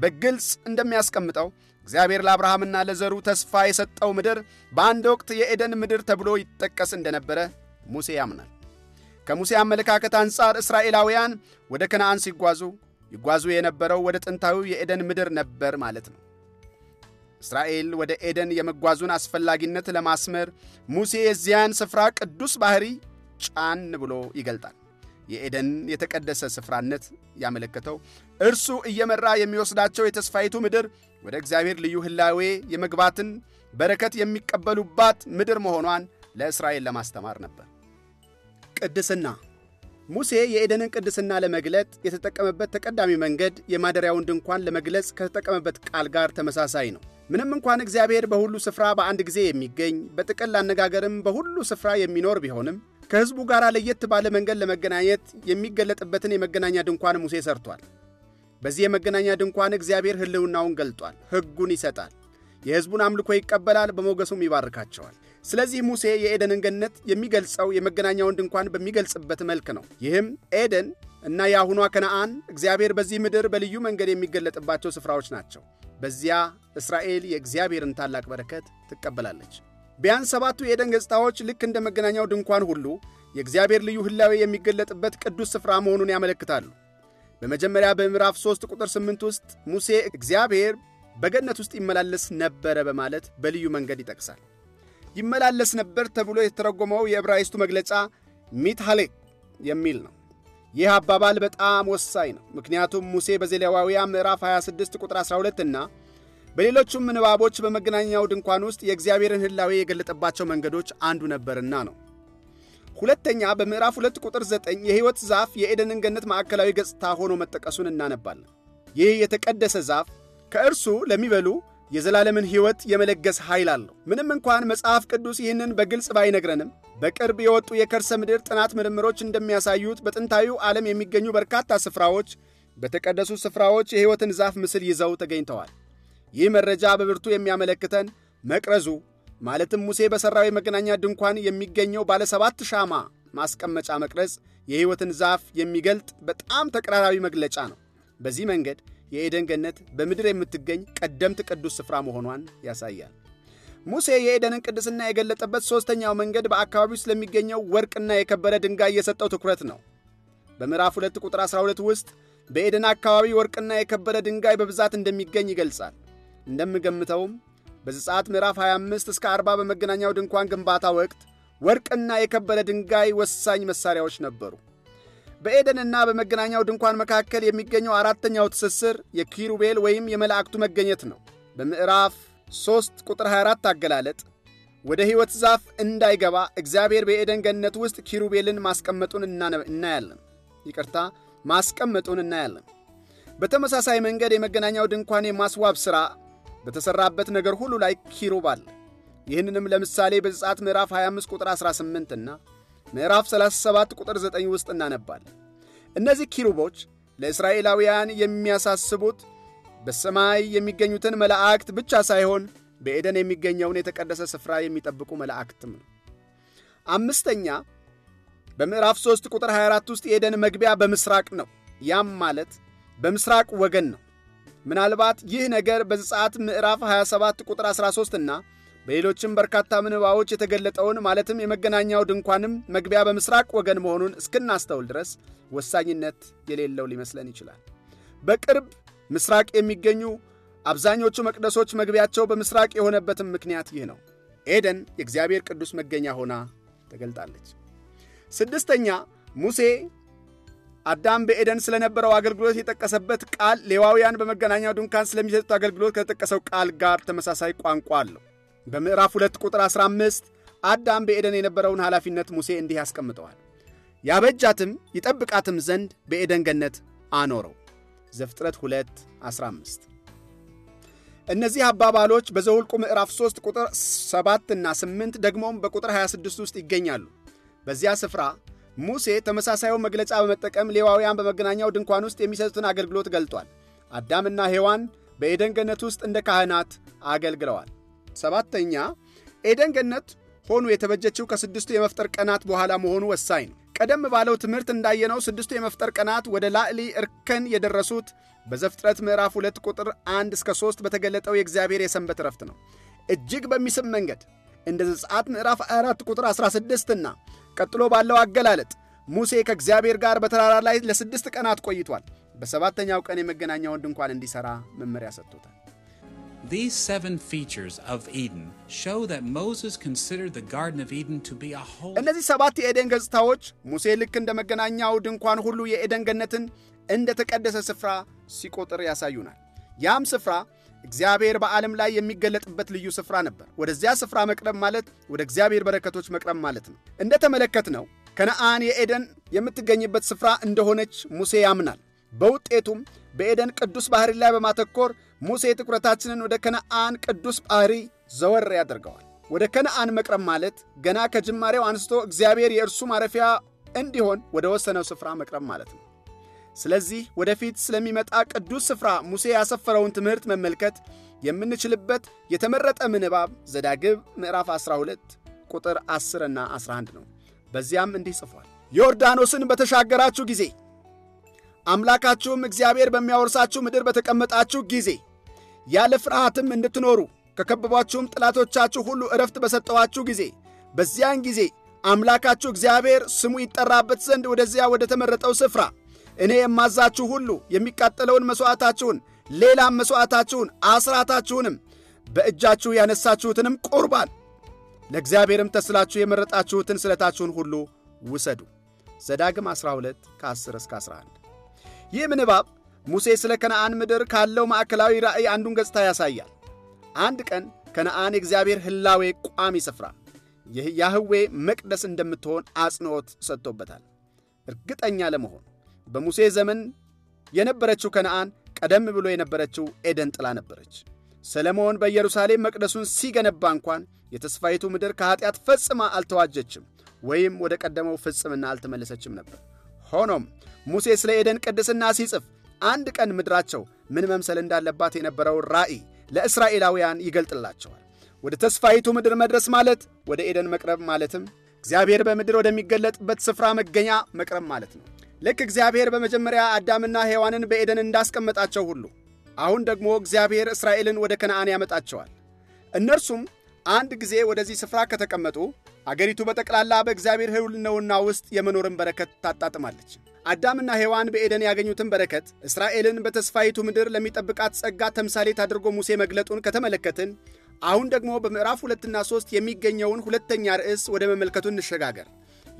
በግልጽ እንደሚያስቀምጠው እግዚአብሔር ለአብርሃምና ለዘሩ ተስፋ የሰጠው ምድር በአንድ ወቅት የኤደን ምድር ተብሎ ይጠቀስ እንደነበረ ሙሴ ያምናል። ከሙሴ አመለካከት አንጻር እስራኤላውያን ወደ ከነአን ሲጓዙ ይጓዙ የነበረው ወደ ጥንታዊው የኤደን ምድር ነበር ማለት ነው። እስራኤል ወደ ኤደን የመጓዙን አስፈላጊነት ለማስመር ሙሴ የዚያን ስፍራ ቅዱስ ባሕሪ ጫን ብሎ ይገልጣል። የኤደን የተቀደሰ ስፍራነት ያመለከተው እርሱ እየመራ የሚወስዳቸው የተስፋይቱ ምድር ወደ እግዚአብሔር ልዩ ህላዌ የመግባትን በረከት የሚቀበሉባት ምድር መሆኗን ለእስራኤል ለማስተማር ነበር። ቅድስና ሙሴ የኤደንን ቅድስና ለመግለጥ የተጠቀመበት ተቀዳሚ መንገድ የማደሪያውን ድንኳን ለመግለጽ ከተጠቀመበት ቃል ጋር ተመሳሳይ ነው። ምንም እንኳን እግዚአብሔር በሁሉ ስፍራ በአንድ ጊዜ የሚገኝ በጥቅል አነጋገርም በሁሉ ስፍራ የሚኖር ቢሆንም ከሕዝቡ ጋር ለየት ባለ መንገድ ለመገናኘት የሚገለጥበትን የመገናኛ ድንኳን ሙሴ ሰርቷል። በዚህ የመገናኛ ድንኳን እግዚአብሔር ሕልውናውን ገልጧል። ሕጉን ይሰጣል፣ የሕዝቡን አምልኮ ይቀበላል፣ በሞገሱም ይባርካቸዋል። ስለዚህ ሙሴ የኤደንን ገነት የሚገልጸው የመገናኛውን ድንኳን በሚገልጽበት መልክ ነው። ይህም ኤደን እና የአሁኗ ከነአን እግዚአብሔር በዚህ ምድር በልዩ መንገድ የሚገለጥባቸው ስፍራዎች ናቸው። በዚያ እስራኤል የእግዚአብሔርን ታላቅ በረከት ትቀበላለች። ቢያንስ ሰባቱ የኤደን ገጽታዎች ልክ እንደ መገናኛው ድንኳን ሁሉ የእግዚአብሔር ልዩ ሕላዌ የሚገለጥበት ቅዱስ ስፍራ መሆኑን ያመለክታሉ። በመጀመሪያ በምዕራፍ 3 ቁጥር 8 ውስጥ ሙሴ እግዚአብሔር በገነት ውስጥ ይመላለስ ነበረ በማለት በልዩ መንገድ ይጠቅሳል። ይመላለስ ነበር ተብሎ የተረጎመው የዕብራይስቱ መግለጫ ሚትሃሌክ የሚል ነው። ይህ አባባል በጣም ወሳኝ ነው። ምክንያቱም ሙሴ በዘሌዋውያን ምዕራፍ 26 ቁጥር 12 እና በሌሎቹም ንባቦች በመገናኛው ድንኳን ውስጥ የእግዚአብሔርን ሕላዌ የገለጠባቸው መንገዶች አንዱ ነበርና ነው። ሁለተኛ በምዕራፍ 2 ቁጥር 9 የሕይወት ዛፍ የኤደንን ገነት ማዕከላዊ ገጽታ ሆኖ መጠቀሱን እናነባለን። ይህ የተቀደሰ ዛፍ ከእርሱ ለሚበሉ የዘላለምን ሕይወት የመለገስ ኃይል አለው። ምንም እንኳን መጽሐፍ ቅዱስ ይህንን በግልጽ ባይነግረንም በቅርብ የወጡ የከርሰ ምድር ጥናት ምርምሮች እንደሚያሳዩት በጥንታዊው ዓለም የሚገኙ በርካታ ስፍራዎች በተቀደሱ ስፍራዎች የሕይወትን ዛፍ ምስል ይዘው ተገኝተዋል። ይህ መረጃ በብርቱ የሚያመለክተን መቅረዙ ማለትም ሙሴ በሠራው የመገናኛ ድንኳን የሚገኘው ባለ ሰባት ሻማ ማስቀመጫ መቅረጽ የሕይወትን ዛፍ የሚገልጥ በጣም ተቀራራቢ መግለጫ ነው። በዚህ መንገድ የኤደን ገነት በምድር የምትገኝ ቀደምት ቅዱስ ስፍራ መሆኗን ያሳያል። ሙሴ የኤደንን ቅድስና የገለጠበት ሦስተኛው መንገድ በአካባቢው ስለሚገኘው ወርቅና የከበረ ድንጋይ የሰጠው ትኩረት ነው። በምዕራፍ 2 ቁጥር 12 ውስጥ በኤደን አካባቢ ወርቅና የከበረ ድንጋይ በብዛት እንደሚገኝ ይገልጻል። እንደምገምተውም በዘጸአት ምዕራፍ 25 እስከ 40 በመገናኛው ድንኳን ግንባታ ወቅት ወርቅና የከበረ ድንጋይ ወሳኝ መሣሪያዎች ነበሩ። በኤደንና በመገናኛው ድንኳን መካከል የሚገኘው አራተኛው ትስስር የኪሩቤል ወይም የመላእክቱ መገኘት ነው። በምዕራፍ 3 ቁጥር 24 አገላለጥ ወደ ሕይወት ዛፍ እንዳይገባ እግዚአብሔር በኤደን ገነት ውስጥ ኪሩቤልን ማስቀመጡን እናያለን። ይቅርታ ማስቀመጡን እናያለን። በተመሳሳይ መንገድ የመገናኛው ድንኳን የማስዋብ ሥራ በተሠራበት ነገር ሁሉ ላይ ኪሩብ አለ። ይህንንም ለምሳሌ በዘጸአት ምዕራፍ 25 ቁጥር 18 እና ምዕራፍ 37 ቁጥር 9 ውስጥ እናነባለን። እነዚህ ኪሩቦች ለእስራኤላውያን የሚያሳስቡት በሰማይ የሚገኙትን መላእክት ብቻ ሳይሆን በኤደን የሚገኘውን የተቀደሰ ስፍራ የሚጠብቁ መላእክትም ነው። አምስተኛ በምዕራፍ 3 ቁጥር 24 ውስጥ የኤደን መግቢያ በምስራቅ ነው። ያም ማለት በምስራቅ ወገን ነው። ምናልባት ይህ ነገር በዘጸአት ምዕራፍ 27 ቁጥር 13 እና በሌሎችም በርካታ ምንባዎች የተገለጠውን ማለትም የመገናኛው ድንኳንም መግቢያ በምስራቅ ወገን መሆኑን እስክናስተውል ድረስ ወሳኝነት የሌለው ሊመስለን ይችላል። በቅርብ ምስራቅ የሚገኙ አብዛኞቹ መቅደሶች መግቢያቸው በምስራቅ የሆነበትም ምክንያት ይህ ነው። ኤደን የእግዚአብሔር ቅዱስ መገኛ ሆና ተገልጣለች። ስድስተኛ ሙሴ አዳም በኤደን ስለነበረው አገልግሎት የጠቀሰበት ቃል ሌዋውያን በመገናኛው ድንኳን ስለሚሰጡት አገልግሎት ከተጠቀሰው ቃል ጋር ተመሳሳይ ቋንቋ አለው። በምዕራፍ 2 ቁጥር 15 አዳም በኤደን የነበረውን ኃላፊነት ሙሴ እንዲህ ያስቀምጠዋል። ያበጃትም ይጠብቃትም ዘንድ በኤደን ገነት አኖረው። ዘፍጥረት 2 15 እነዚህ አባባሎች በዘውልቁ ምዕራፍ 3 ቁጥር 7 እና 8 ደግሞም በቁጥር 26 ውስጥ ይገኛሉ። በዚያ ስፍራ ሙሴ ተመሳሳዩን መግለጫ በመጠቀም ሌዋውያን በመገናኛው ድንኳን ውስጥ የሚሰጡትን አገልግሎት ገልጧል። አዳምና ሔዋን በኤደን ገነት ውስጥ እንደ ካህናት አገልግለዋል። ሰባተኛ ኤደን ገነት ሆኑ የተበጀችው ከስድስቱ የመፍጠር ቀናት በኋላ መሆኑ ወሳኝ ነው። ቀደም ባለው ትምህርት እንዳየነው ስድስቱ የመፍጠር ቀናት ወደ ላዕሊ እርከን የደረሱት በዘፍጥረት ምዕራፍ 2 ቁጥር 1 እስከ 3 በተገለጠው የእግዚአብሔር የሰንበት ረፍት ነው። እጅግ በሚስብ መንገድ እንደ ዘጸአት ምዕራፍ 4 ቁጥር 16 እና ቀጥሎ ባለው አገላለጥ ሙሴ ከእግዚአብሔር ጋር በተራራ ላይ ለስድስት ቀናት ቆይቷል። በሰባተኛው ቀን የመገናኛውን ድንኳን እንዲሠራ መመሪያ ሰጥቶታል። These seven features of Eden show that Moses considered the Garden of Eden to be a whole እነዚህ ሰባት የኤደን ገጽታዎች ሙሴ ልክ እንደ መገናኛው ድንኳን ሁሉ የኤደን ገነትን እንደ ተቀደሰ ስፍራ ሲቆጥር ያሳዩናል። ያም ስፍራ እግዚአብሔር በዓለም ላይ የሚገለጥበት ልዩ ስፍራ ነበር። ወደዚያ ስፍራ መቅረብ ማለት ወደ እግዚአብሔር በረከቶች መቅረብ ማለት ነው። ተመለከት ነው ከነአን የኤደን የምትገኝበት ስፍራ እንደሆነች ሙሴ ያምናል። በውጤቱም በኤደን ቅዱስ ባህሪ ላይ በማተኮር ሙሴ ትኩረታችንን ወደ ከነአን ቅዱስ ባህሪ ዘወር ያደርገዋል። ወደ ከነአን መቅረብ ማለት ገና ከጅማሬው አንስቶ እግዚአብሔር የእርሱ ማረፊያ እንዲሆን ወደ ወሰነው ስፍራ መቅረብ ማለት ነው። ስለዚህ ወደፊት ስለሚመጣ ቅዱስ ስፍራ ሙሴ ያሰፈረውን ትምህርት መመልከት የምንችልበት የተመረጠ ምንባብ ዘዳግብ ምዕራፍ 12 ቁጥር 10 እና 11 ነው። በዚያም እንዲህ ጽፏል። ዮርዳኖስን በተሻገራችሁ ጊዜ አምላካችሁም እግዚአብሔር በሚያወርሳችሁ ምድር በተቀመጣችሁ ጊዜ ያለ ፍርሃትም እንድትኖሩ ከከበቧችሁም ጠላቶቻችሁ ሁሉ እረፍት በሰጠኋችሁ ጊዜ በዚያን ጊዜ አምላካችሁ እግዚአብሔር ስሙ ይጠራበት ዘንድ ወደዚያ ወደ ተመረጠው ስፍራ እኔ የማዛችሁ ሁሉ የሚቃጠለውን መሥዋዕታችሁን፣ ሌላም መሥዋዕታችሁን፣ አስራታችሁንም በእጃችሁ ያነሳችሁትንም ቁርባን ለእግዚአብሔርም ተስላችሁ የመረጣችሁትን ስለታችሁን ሁሉ ውሰዱ። ዘዳግም 12 ከ10 እስከ 11። ይህም ንባብ ሙሴ ስለ ከነአን ምድር ካለው ማዕከላዊ ራእይ አንዱን ገጽታ ያሳያል። አንድ ቀን ከነአን የእግዚአብሔር ህላዌ ቋሚ ስፍራ ያህዌ መቅደስ እንደምትሆን አጽንዖት ሰጥቶበታል። እርግጠኛ ለመሆን በሙሴ ዘመን የነበረችው ከነአን ቀደም ብሎ የነበረችው ኤደን ጥላ ነበረች። ሰለሞን በኢየሩሳሌም መቅደሱን ሲገነባ እንኳን የተስፋይቱ ምድር ከኀጢአት ፈጽማ አልተዋጀችም ወይም ወደ ቀደመው ፍጽምና አልተመለሰችም ነበር። ሆኖም ሙሴ ስለ ኤደን ቅድስና ሲጽፍ አንድ ቀን ምድራቸው ምን መምሰል እንዳለባት የነበረው ራእይ ለእስራኤላውያን ይገልጥላቸዋል። ወደ ተስፋይቱ ምድር መድረስ ማለት ወደ ኤደን መቅረብ ማለትም እግዚአብሔር በምድር ወደሚገለጥበት ስፍራ መገኛ መቅረብ ማለት ነው። ልክ እግዚአብሔር በመጀመሪያ አዳምና ሔዋንን በኤደን እንዳስቀመጣቸው ሁሉ አሁን ደግሞ እግዚአብሔር እስራኤልን ወደ ከነአን ያመጣቸዋል። እነርሱም አንድ ጊዜ ወደዚህ ስፍራ ከተቀመጡ አገሪቱ በጠቅላላ በእግዚአብሔር ሕልውናውና ውስጥ የመኖርን በረከት ታጣጥማለች። አዳምና ሔዋን በኤደን ያገኙትን በረከት እስራኤልን በተስፋይቱ ምድር ለሚጠብቃት ጸጋ ተምሳሌት አድርጎ ሙሴ መግለጡን ከተመለከትን አሁን ደግሞ በምዕራፍ ሁለትና ሦስት የሚገኘውን ሁለተኛ ርዕስ ወደ መመልከቱ እንሸጋገር።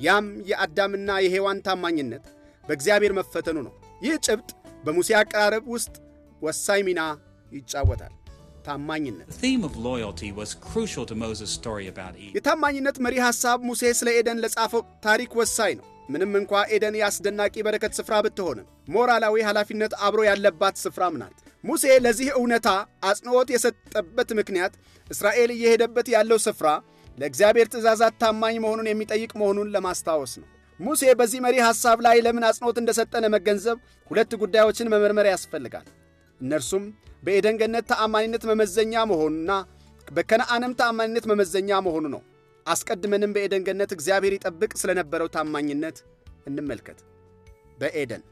ያም የአዳምና የሔዋን ታማኝነት በእግዚአብሔር መፈተኑ ነው። ይህ ጭብጥ በሙሴ አቀራረብ ውስጥ ወሳኝ ሚና ይጫወታል። ታማኝነት የታማኝነት መሪ ሐሳብ ሙሴ ስለ ኤደን ለጻፈው ታሪክ ወሳኝ ነው። ምንም እንኳ ኤደን የአስደናቂ በረከት ስፍራ ብትሆንም ሞራላዊ ኃላፊነት አብሮ ያለባት ስፍራም ናት። ሙሴ ለዚህ እውነታ አጽንዖት የሰጠበት ምክንያት እስራኤል እየሄደበት ያለው ስፍራ ለእግዚአብሔር ትእዛዛት ታማኝ መሆኑን የሚጠይቅ መሆኑን ለማስታወስ ነው። ሙሴ በዚህ መሪ ሐሳብ ላይ ለምን አጽንኦት እንደሰጠነ መገንዘብ ሁለት ጉዳዮችን መመርመር ያስፈልጋል። እነርሱም በኤደን ገነት ተአማኒነት መመዘኛ መሆኑና በከነአንም ተአማኒነት መመዘኛ መሆኑ ነው። አስቀድመንም በኤደን ገነት እግዚአብሔር ይጠብቅ ስለነበረው ታማኝነት እንመልከት። በኤደን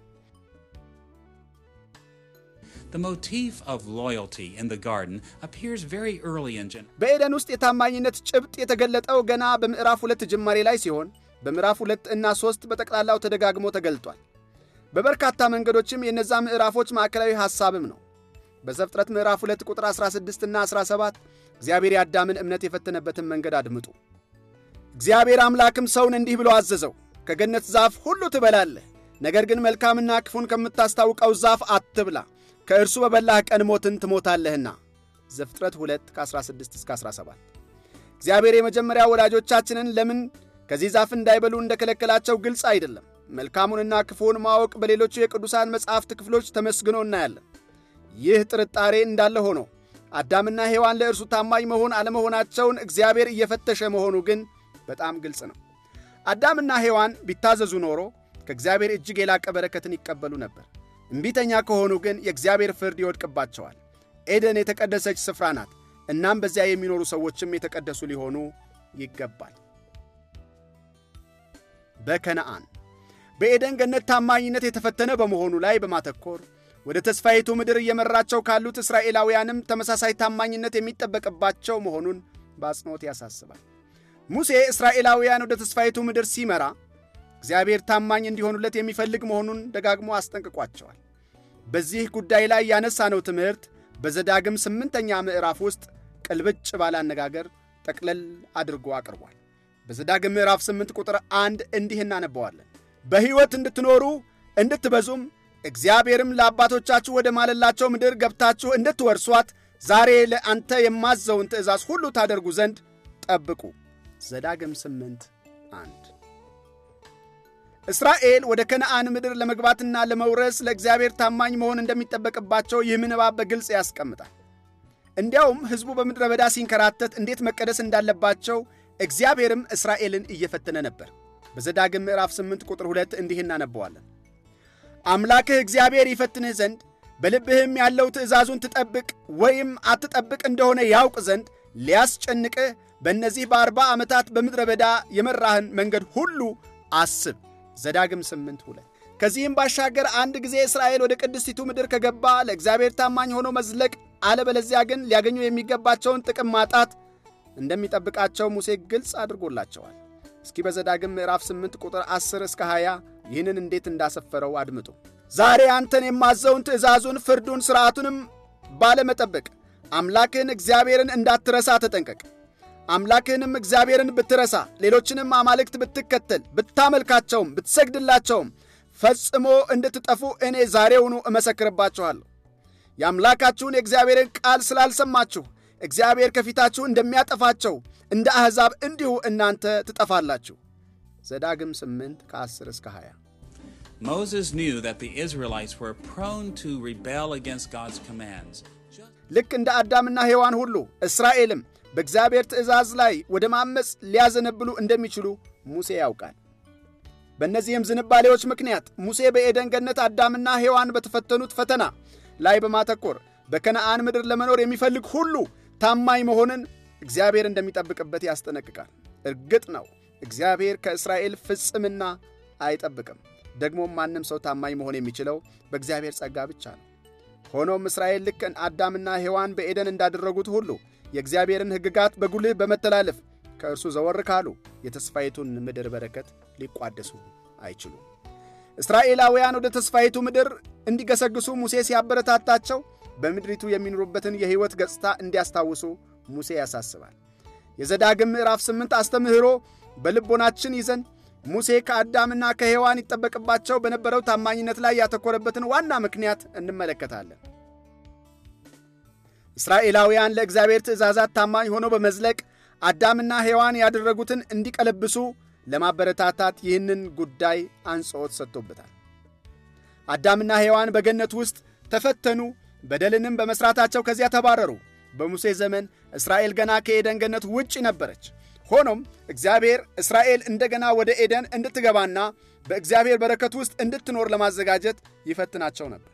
በኤደን ውስጥ የታማኝነት ጭብጥ የተገለጠው ገና በምዕራፍ ሁለት ጅማሬ ላይ ሲሆን በምዕራፍ ሁለት እና ሦስት በጠቅላላው ተደጋግሞ ተገልጧል። በበርካታ መንገዶችም የእነዛ ምዕራፎች ማዕከላዊ ሐሳብም ነው። በዘፍጥረት ምዕራፍ 2 ቁጥር 16 እና 17 እግዚአብሔር የአዳምን እምነት የፈተነበትን መንገድ አድምጡ። እግዚአብሔር አምላክም ሰውን እንዲህ ብሎ አዘዘው፣ ከገነት ዛፍ ሁሉ ትበላለህ፣ ነገር ግን መልካምና ክፉን ከምታስታውቀው ዛፍ አትብላ፣ ከእርሱ በበላህ ቀን ሞትን ትሞታለህና። ዘፍጥረት 2 ከ16 እስከ 17 እግዚአብሔር የመጀመሪያ ወላጆቻችንን ለምን ከዚህ ዛፍ እንዳይበሉ እንደከለከላቸው ግልጽ አይደለም። መልካሙንና ክፉውን ማወቅ በሌሎቹ የቅዱሳን መጻሕፍት ክፍሎች ተመስግኖ እናያለን። ይህ ጥርጣሬ እንዳለ ሆኖ አዳምና ሔዋን ለእርሱ ታማኝ መሆን አለመሆናቸውን እግዚአብሔር እየፈተሸ መሆኑ ግን በጣም ግልጽ ነው። አዳምና ሔዋን ቢታዘዙ ኖሮ ከእግዚአብሔር እጅግ የላቀ በረከትን ይቀበሉ ነበር። እምቢተኛ ከሆኑ ግን የእግዚአብሔር ፍርድ ይወድቅባቸዋል። ኤደን የተቀደሰች ስፍራ ናት። እናም በዚያ የሚኖሩ ሰዎችም የተቀደሱ ሊሆኑ ይገባል። በከነአን በኤደን ገነት ታማኝነት የተፈተነ በመሆኑ ላይ በማተኮር ወደ ተስፋይቱ ምድር እየመራቸው ካሉት እስራኤላውያንም ተመሳሳይ ታማኝነት የሚጠበቅባቸው መሆኑን በአጽንኦት ያሳስባል። ሙሴ እስራኤላውያን ወደ ተስፋይቱ ምድር ሲመራ እግዚአብሔር ታማኝ እንዲሆኑለት የሚፈልግ መሆኑን ደጋግሞ አስጠንቅቋቸዋል። በዚህ ጉዳይ ላይ ያነሳነው ትምህርት በዘዳግም ስምንተኛ ምዕራፍ ውስጥ ቅልብጭ ባለ አነጋገር ጠቅለል አድርጎ አቅርቧል። በዘዳግም ምዕራፍ 8 ቁጥር 1 እንዲህ እናነበዋለን። በሕይወት እንድትኖሩ እንድትበዙም እግዚአብሔርም ለአባቶቻችሁ ወደ ማለላቸው ምድር ገብታችሁ እንድትወርሷት ዛሬ ለአንተ የማዘውን ትእዛዝ ሁሉ ታደርጉ ዘንድ ጠብቁ። ዘዳግም 8 1 እስራኤል ወደ ከነአን ምድር ለመግባትና ለመውረስ ለእግዚአብሔር ታማኝ መሆን እንደሚጠበቅባቸው ይህ ምንባብ በግልጽ ያስቀምጣል። እንዲያውም ሕዝቡ በምድረ በዳ ሲንከራተት እንዴት መቀደስ እንዳለባቸው እግዚአብሔርም እስራኤልን እየፈተነ ነበር። በዘዳግም ምዕራፍ 8 ቁጥር 2 እንዲህ እናነበዋለን። አምላክህ እግዚአብሔር ይፈትንህ ዘንድ በልብህም ያለው ትእዛዙን ትጠብቅ ወይም አትጠብቅ እንደሆነ ያውቅ ዘንድ ሊያስጨንቅህ በእነዚህ በአርባ ዓመታት በምድረ በዳ የመራህን መንገድ ሁሉ አስብ። ዘዳግም 8 2 ከዚህም ባሻገር አንድ ጊዜ እስራኤል ወደ ቅድስቲቱ ምድር ከገባ ለእግዚአብሔር ታማኝ ሆኖ መዝለቅ፣ አለበለዚያ ግን ሊያገኙ የሚገባቸውን ጥቅም ማጣት እንደሚጠብቃቸው ሙሴ ግልጽ አድርጎላቸዋል። እስኪ በዘዳግም ምዕራፍ 8 ቁጥር 10 እስከ 20 ይህንን እንዴት እንዳሰፈረው አድምጡ። ዛሬ አንተን የማዘውን ትእዛዙን፣ ፍርዱን፣ ሥርዓቱንም ባለመጠበቅ አምላክህን እግዚአብሔርን እንዳትረሳ ተጠንቀቅ። አምላክህንም እግዚአብሔርን ብትረሳ ሌሎችንም አማልክት ብትከተል ብታመልካቸውም ብትሰግድላቸውም ፈጽሞ እንድትጠፉ እኔ ዛሬውኑ እመሰክርባችኋለሁ። የአምላካችሁን የእግዚአብሔርን ቃል ስላልሰማችሁ እግዚአብሔር ከፊታችሁ እንደሚያጠፋቸው እንደ አሕዛብ እንዲሁ እናንተ ትጠፋላችሁ። ዘዳግም 8 ከ10 እስከ 20 Moses knew that the Israelites were prone to rebel against God's commands. ልክ እንደ አዳምና ሔዋን ሁሉ እስራኤልም በእግዚአብሔር ትእዛዝ ላይ ወደ ማመፅ ሊያዘነብሉ እንደሚችሉ ሙሴ ያውቃል። በእነዚህም ዝንባሌዎች ምክንያት ሙሴ በኤደን ገነት አዳምና ሔዋን በተፈተኑት ፈተና ላይ በማተኮር በከነአን ምድር ለመኖር የሚፈልግ ሁሉ ታማኝ መሆንን እግዚአብሔር እንደሚጠብቅበት ያስጠነቅቃል። እርግጥ ነው እግዚአብሔር ከእስራኤል ፍጽምና አይጠብቅም። ደግሞም ማንም ሰው ታማኝ መሆን የሚችለው በእግዚአብሔር ጸጋ ብቻ ነው። ሆኖም እስራኤል ልክ አዳምና ሔዋን በኤደን እንዳደረጉት ሁሉ የእግዚአብሔርን ሕግጋት በጉልህ በመተላለፍ ከእርሱ ዘወር ካሉ የተስፋይቱን ምድር በረከት ሊቋደሱ አይችሉም። እስራኤላውያን ወደ ተስፋይቱ ምድር እንዲገሰግሱ ሙሴ ሲያበረታታቸው በምድሪቱ የሚኖሩበትን የሕይወት ገጽታ እንዲያስታውሱ ሙሴ ያሳስባል። የዘዳግም ምዕራፍ ስምንት አስተምህሮ በልቦናችን ይዘን ሙሴ ከአዳምና ከሔዋን ይጠበቅባቸው በነበረው ታማኝነት ላይ ያተኮረበትን ዋና ምክንያት እንመለከታለን። እስራኤላውያን ለእግዚአብሔር ትእዛዛት ታማኝ ሆነው በመዝለቅ አዳምና ሔዋን ያደረጉትን እንዲቀለብሱ ለማበረታታት ይህንን ጉዳይ አንጽዖት ሰጥቶበታል። አዳምና ሔዋን በገነት ውስጥ ተፈተኑ፣ በደልንም በመሥራታቸው ከዚያ ተባረሩ። በሙሴ ዘመን እስራኤል ገና ከኤደን ገነት ውጭ ነበረች። ሆኖም እግዚአብሔር እስራኤል እንደገና ወደ ኤደን እንድትገባና በእግዚአብሔር በረከት ውስጥ እንድትኖር ለማዘጋጀት ይፈትናቸው ነበር።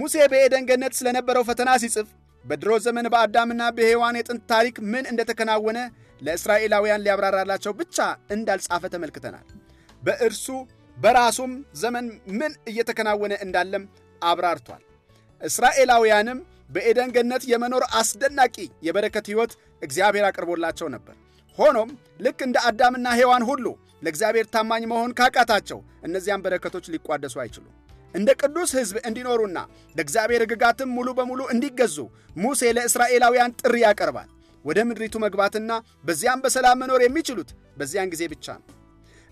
ሙሴ በኤደን ገነት ስለነበረው ፈተና ሲጽፍ በድሮ ዘመን በአዳምና በሔዋን የጥንት ታሪክ ምን እንደተከናወነ ለእስራኤላውያን ሊያብራራላቸው ብቻ እንዳልጻፈ ተመልክተናል። በእርሱ በራሱም ዘመን ምን እየተከናወነ እንዳለም አብራርቷል። እስራኤላውያንም በኤደን ገነት የመኖር አስደናቂ የበረከት ሕይወት እግዚአብሔር አቅርቦላቸው ነበር። ሆኖም ልክ እንደ አዳምና ሔዋን ሁሉ ለእግዚአብሔር ታማኝ መሆን ካቃታቸው እነዚያን በረከቶች ሊቋደሱ አይችሉም። እንደ ቅዱስ ሕዝብ እንዲኖሩና ለእግዚአብሔር ሕግጋትም ሙሉ በሙሉ እንዲገዙ ሙሴ ለእስራኤላውያን ጥሪ ያቀርባል። ወደ ምድሪቱ መግባትና በዚያም በሰላም መኖር የሚችሉት በዚያን ጊዜ ብቻ ነው።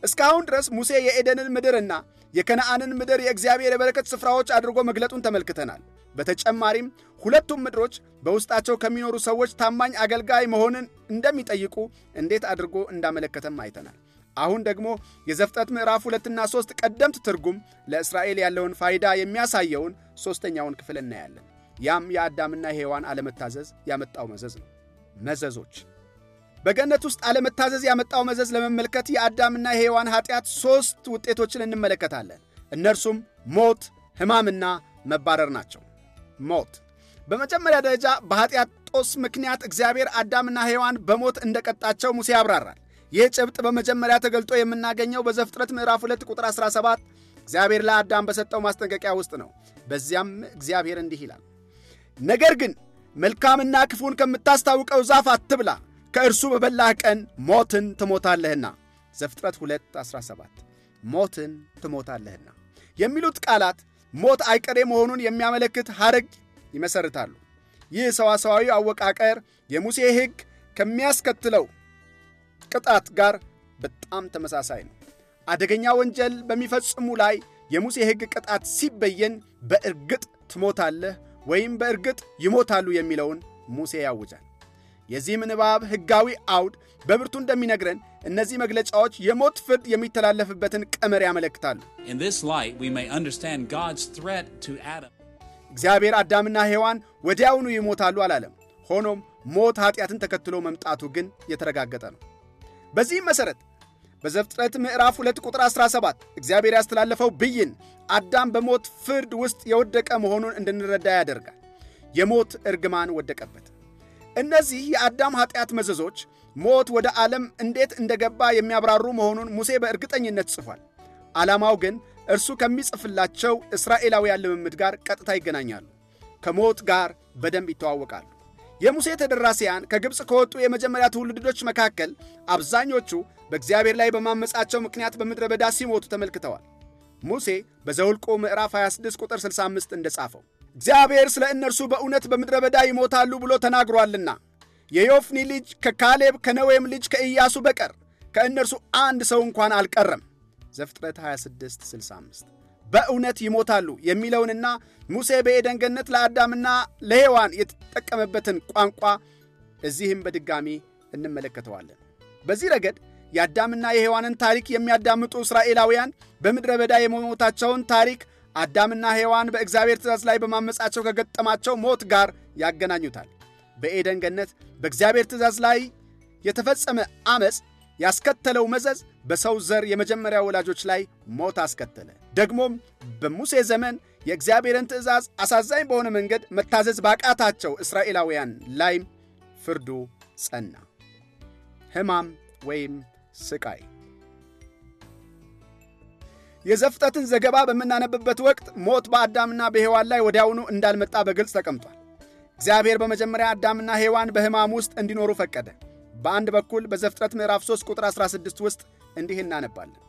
እስካሁን ድረስ ሙሴ የኤደንን ምድርና የከነአንን ምድር የእግዚአብሔር የበረከት ስፍራዎች አድርጎ መግለጡን ተመልክተናል። በተጨማሪም ሁለቱም ምድሮች በውስጣቸው ከሚኖሩ ሰዎች ታማኝ አገልጋይ መሆንን እንደሚጠይቁ እንዴት አድርጎ እንዳመለከተም አይተናል። አሁን ደግሞ የዘፍጠት ምዕራፍ ሁለትና ሦስት ቀደምት ትርጉም ለእስራኤል ያለውን ፋይዳ የሚያሳየውን ሦስተኛውን ክፍል እናያለን። ያም የአዳምና ሔዋን አለመታዘዝ ያመጣው መዘዝ ነው። መዘዞች በገነት ውስጥ አለመታዘዝ ያመጣው መዘዝ ለመመልከት የአዳምና የሔዋን ኃጢአት ሦስት ውጤቶችን እንመለከታለን። እነርሱም ሞት፣ ሕማምና መባረር ናቸው። ሞት። በመጀመሪያ ደረጃ በኃጢአት ጦስ ምክንያት እግዚአብሔር አዳምና ሔዋን በሞት እንደቀጣቸው ሙሴ ያብራራል። ይህ ጭብጥ በመጀመሪያ ተገልጦ የምናገኘው በዘፍጥረት ምዕራፍ 2 ቁጥር 17 እግዚአብሔር ለአዳም በሰጠው ማስጠንቀቂያ ውስጥ ነው። በዚያም እግዚአብሔር እንዲህ ይላል፣ ነገር ግን መልካምና ክፉን ከምታስታውቀው ዛፍ አትብላ፣ ከእርሱ በበላህ ቀን ሞትን ትሞታለህና። ዘፍጥረት 2 17 ሞትን ትሞታለህና የሚሉት ቃላት ሞት አይቀሬ መሆኑን የሚያመለክት ሐረግ ይመሰርታሉ። ይህ ሰዋሰዋዊ አወቃቀር የሙሴ ሕግ ከሚያስከትለው ቅጣት ጋር በጣም ተመሳሳይ ነው። አደገኛ ወንጀል በሚፈጽሙ ላይ የሙሴ ሕግ ቅጣት ሲበየን በእርግጥ ትሞታለህ ወይም በእርግጥ ይሞታሉ የሚለውን ሙሴ ያውጃል። የዚህም ንባብ ሕጋዊ አውድ በብርቱ እንደሚነግረን እነዚህ መግለጫዎች የሞት ፍርድ የሚተላለፍበትን ቀመር ያመለክታሉ። እግዚአብሔር አዳምና ሔዋን ወዲያውኑ ይሞታሉ አላለም። ሆኖም ሞት ኃጢአትን ተከትሎ መምጣቱ ግን የተረጋገጠ ነው። በዚህም መሠረት በዘፍጥረት ምዕራፍ 2 ቁጥር 17 እግዚአብሔር ያስተላለፈው ብይን አዳም በሞት ፍርድ ውስጥ የወደቀ መሆኑን እንድንረዳ ያደርጋል። የሞት እርግማን ወደቀበት። እነዚህ የአዳም ኃጢአት መዘዞች ሞት ወደ ዓለም እንዴት እንደገባ የሚያብራሩ መሆኑን ሙሴ በእርግጠኝነት ጽፏል። ዓላማው ግን እርሱ ከሚጽፍላቸው እስራኤላውያን ልምምድ ጋር ቀጥታ ይገናኛሉ። ከሞት ጋር በደንብ ይተዋወቃሉ። የሙሴ ተደራሲያን ከግብፅ ከወጡ የመጀመሪያ ትውልዶች መካከል አብዛኞቹ በእግዚአብሔር ላይ በማመፃቸው ምክንያት በምድረ በዳ ሲሞቱ ተመልክተዋል። ሙሴ በዘውልቆ ምዕራፍ 26 ቁጥር 65 እንደጻፈው እግዚአብሔር ስለ እነርሱ በእውነት በምድረ በዳ ይሞታሉ ብሎ ተናግሯልና የዮፍኒ ልጅ ከካሌብ ከነዌም ልጅ ከኢያሱ በቀር ከእነርሱ አንድ ሰው እንኳን አልቀረም። ዘፍጥረት 2665 በእውነት ይሞታሉ የሚለውንና ሙሴ በኤደን ገነት ለአዳምና ለሔዋን የተጠቀመበትን ቋንቋ እዚህም በድጋሚ እንመለከተዋለን። በዚህ ረገድ የአዳምና የሔዋንን ታሪክ የሚያዳምጡ እስራኤላውያን በምድረ በዳ የመሞታቸውን ታሪክ አዳምና ሔዋን በእግዚአብሔር ትእዛዝ ላይ በማመጻቸው ከገጠማቸው ሞት ጋር ያገናኙታል። በኤደን ገነት በእግዚአብሔር ትእዛዝ ላይ የተፈጸመ ዐመፅ ያስከተለው መዘዝ በሰው ዘር የመጀመሪያ ወላጆች ላይ ሞት አስከተለ። ደግሞም በሙሴ ዘመን የእግዚአብሔርን ትእዛዝ አሳዛኝ በሆነ መንገድ መታዘዝ ባቃታቸው እስራኤላውያን ላይም ፍርዱ ጸና። ሕማም ወይም ስቃይ። የዘፍጠትን ዘገባ በምናነብበት ወቅት ሞት በአዳምና በሔዋን ላይ ወዲያውኑ እንዳልመጣ በግልጽ ተቀምጧል። እግዚአብሔር በመጀመሪያ አዳምና ሔዋን በሕማም ውስጥ እንዲኖሩ ፈቀደ። በአንድ በኩል በዘፍጥረት ምዕራፍ 3 ቁጥር 16 ውስጥ እንዲህ እናነባለን።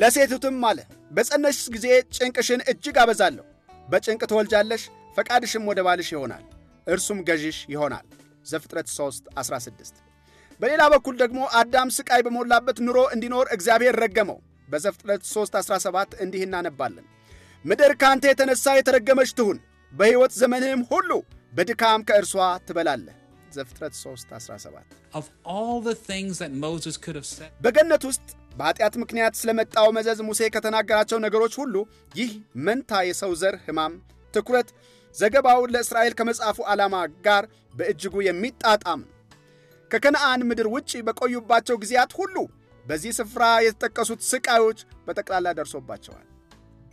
ለሴቲቱም አለ በጸነሽ ጊዜ ጭንቅሽን እጅግ አበዛለሁ፣ በጭንቅ ትወልጃለሽ፣ ፈቃድሽም ወደ ባልሽ ይሆናል፣ እርሱም ገዥሽ ይሆናል። ዘፍጥረት 3 16 በሌላ በኩል ደግሞ አዳም ስቃይ በሞላበት ኑሮ እንዲኖር እግዚአብሔር ረገመው። በዘፍጥረት 3 17 እንዲህ እናነባለን ምድር ካንተ የተነሳ የተረገመች ትሁን፣ በሕይወት ዘመንህም ሁሉ በድካም ከእርሷ ትበላለህ። ዘፍጥረት 3 17 በገነት ውስጥ በኃጢአት ምክንያት ስለመጣው መዘዝ ሙሴ ከተናገራቸው ነገሮች ሁሉ ይህ መንታ የሰው ዘር ሕማም ትኩረት ዘገባውን ለእስራኤል ከመጽሐፉ ዓላማ ጋር በእጅጉ የሚጣጣም ነው። ከከነአን ምድር ውጭ በቆዩባቸው ጊዜያት ሁሉ በዚህ ስፍራ የተጠቀሱት ሥቃዮች በጠቅላላ ደርሶባቸዋል።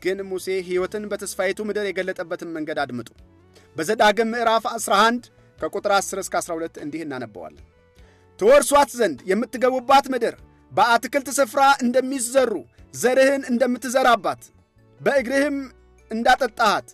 ግን ሙሴ ሕይወትን በተስፋይቱ ምድር የገለጠበትን መንገድ አድምጡ። በዘዳግም ምዕራፍ 11 ከቁጥር 10 እስከ 12 እንዲህ እናነበዋለን። ትወርሷት ዘንድ የምትገቡባት ምድር በአትክልት ስፍራ እንደሚዘሩ ዘርህን እንደምትዘራባት በእግርህም እንዳጠጣሃት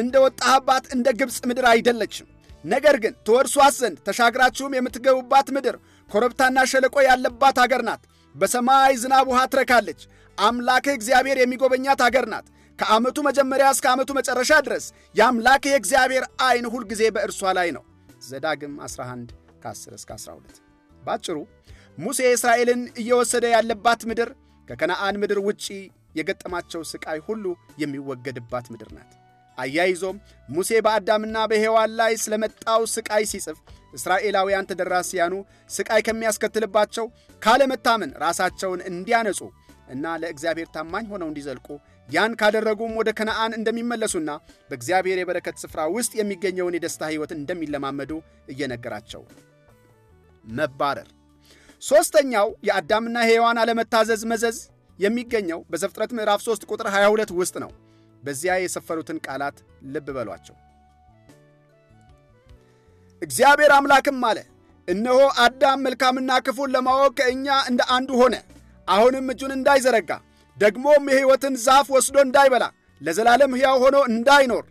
እንደ ወጣህባት እንደ ግብፅ ምድር አይደለችም። ነገር ግን ትወርሷት ዘንድ ተሻግራችሁም የምትገቡባት ምድር ኮረብታና ሸለቆ ያለባት አገር ናት። በሰማይ ዝናብ ውሃ ትረካለች። አምላክህ እግዚአብሔር የሚጎበኛት አገር ናት። ከዓመቱ መጀመሪያ እስከ ዓመቱ መጨረሻ ድረስ የአምላክ የእግዚአብሔር ዐይን ሁልጊዜ በእርሷ ላይ ነው። ዘዳግም 11 ከ10 እስከ 12። ባጭሩ ሙሴ እስራኤልን እየወሰደ ያለባት ምድር ከከነአን ምድር ውጪ የገጠማቸው ሥቃይ ሁሉ የሚወገድባት ምድር ናት። አያይዞም ሙሴ በአዳምና በሔዋን ላይ ስለመጣው ሥቃይ ሲጽፍ እስራኤላውያን ተደራሲያኑ ሥቃይ ከሚያስከትልባቸው ካለመታመን ራሳቸውን እንዲያነጹ እና ለእግዚአብሔር ታማኝ ሆነው እንዲዘልቁ ያን ካደረጉም ወደ ከነአን እንደሚመለሱና በእግዚአብሔር የበረከት ስፍራ ውስጥ የሚገኘውን የደስታ ሕይወት እንደሚለማመዱ እየነገራቸው መባረር። ሦስተኛው የአዳምና ሔዋን አለመታዘዝ መዘዝ የሚገኘው በዘፍጥረት ምዕራፍ 3 ቁጥር 22 ውስጥ ነው። በዚያ የሰፈሩትን ቃላት ልብ በሏቸው። እግዚአብሔር አምላክም አለ፣ እነሆ አዳም መልካምና ክፉን ለማወቅ ከእኛ እንደ አንዱ ሆነ፣ አሁንም እጁን እንዳይዘረጋ ደግሞም የሕይወትን ዛፍ ወስዶ እንዳይበላ ለዘላለም ሕያው ሆኖ እንዳይኖር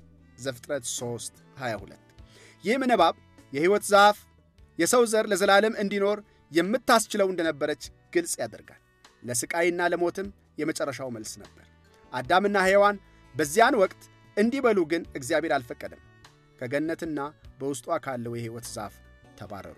ዘፍጥረት 3 22 ይህ ምንባብ የሕይወት ዛፍ የሰው ዘር ለዘላለም እንዲኖር የምታስችለው እንደነበረች ግልጽ ያደርጋል። ለሥቃይና ለሞትም የመጨረሻው መልስ ነበር። አዳምና ሔዋን በዚያን ወቅት እንዲበሉ ግን እግዚአብሔር አልፈቀደም። ከገነትና በውስጧ ካለው የሕይወት ዛፍ ተባረሩ።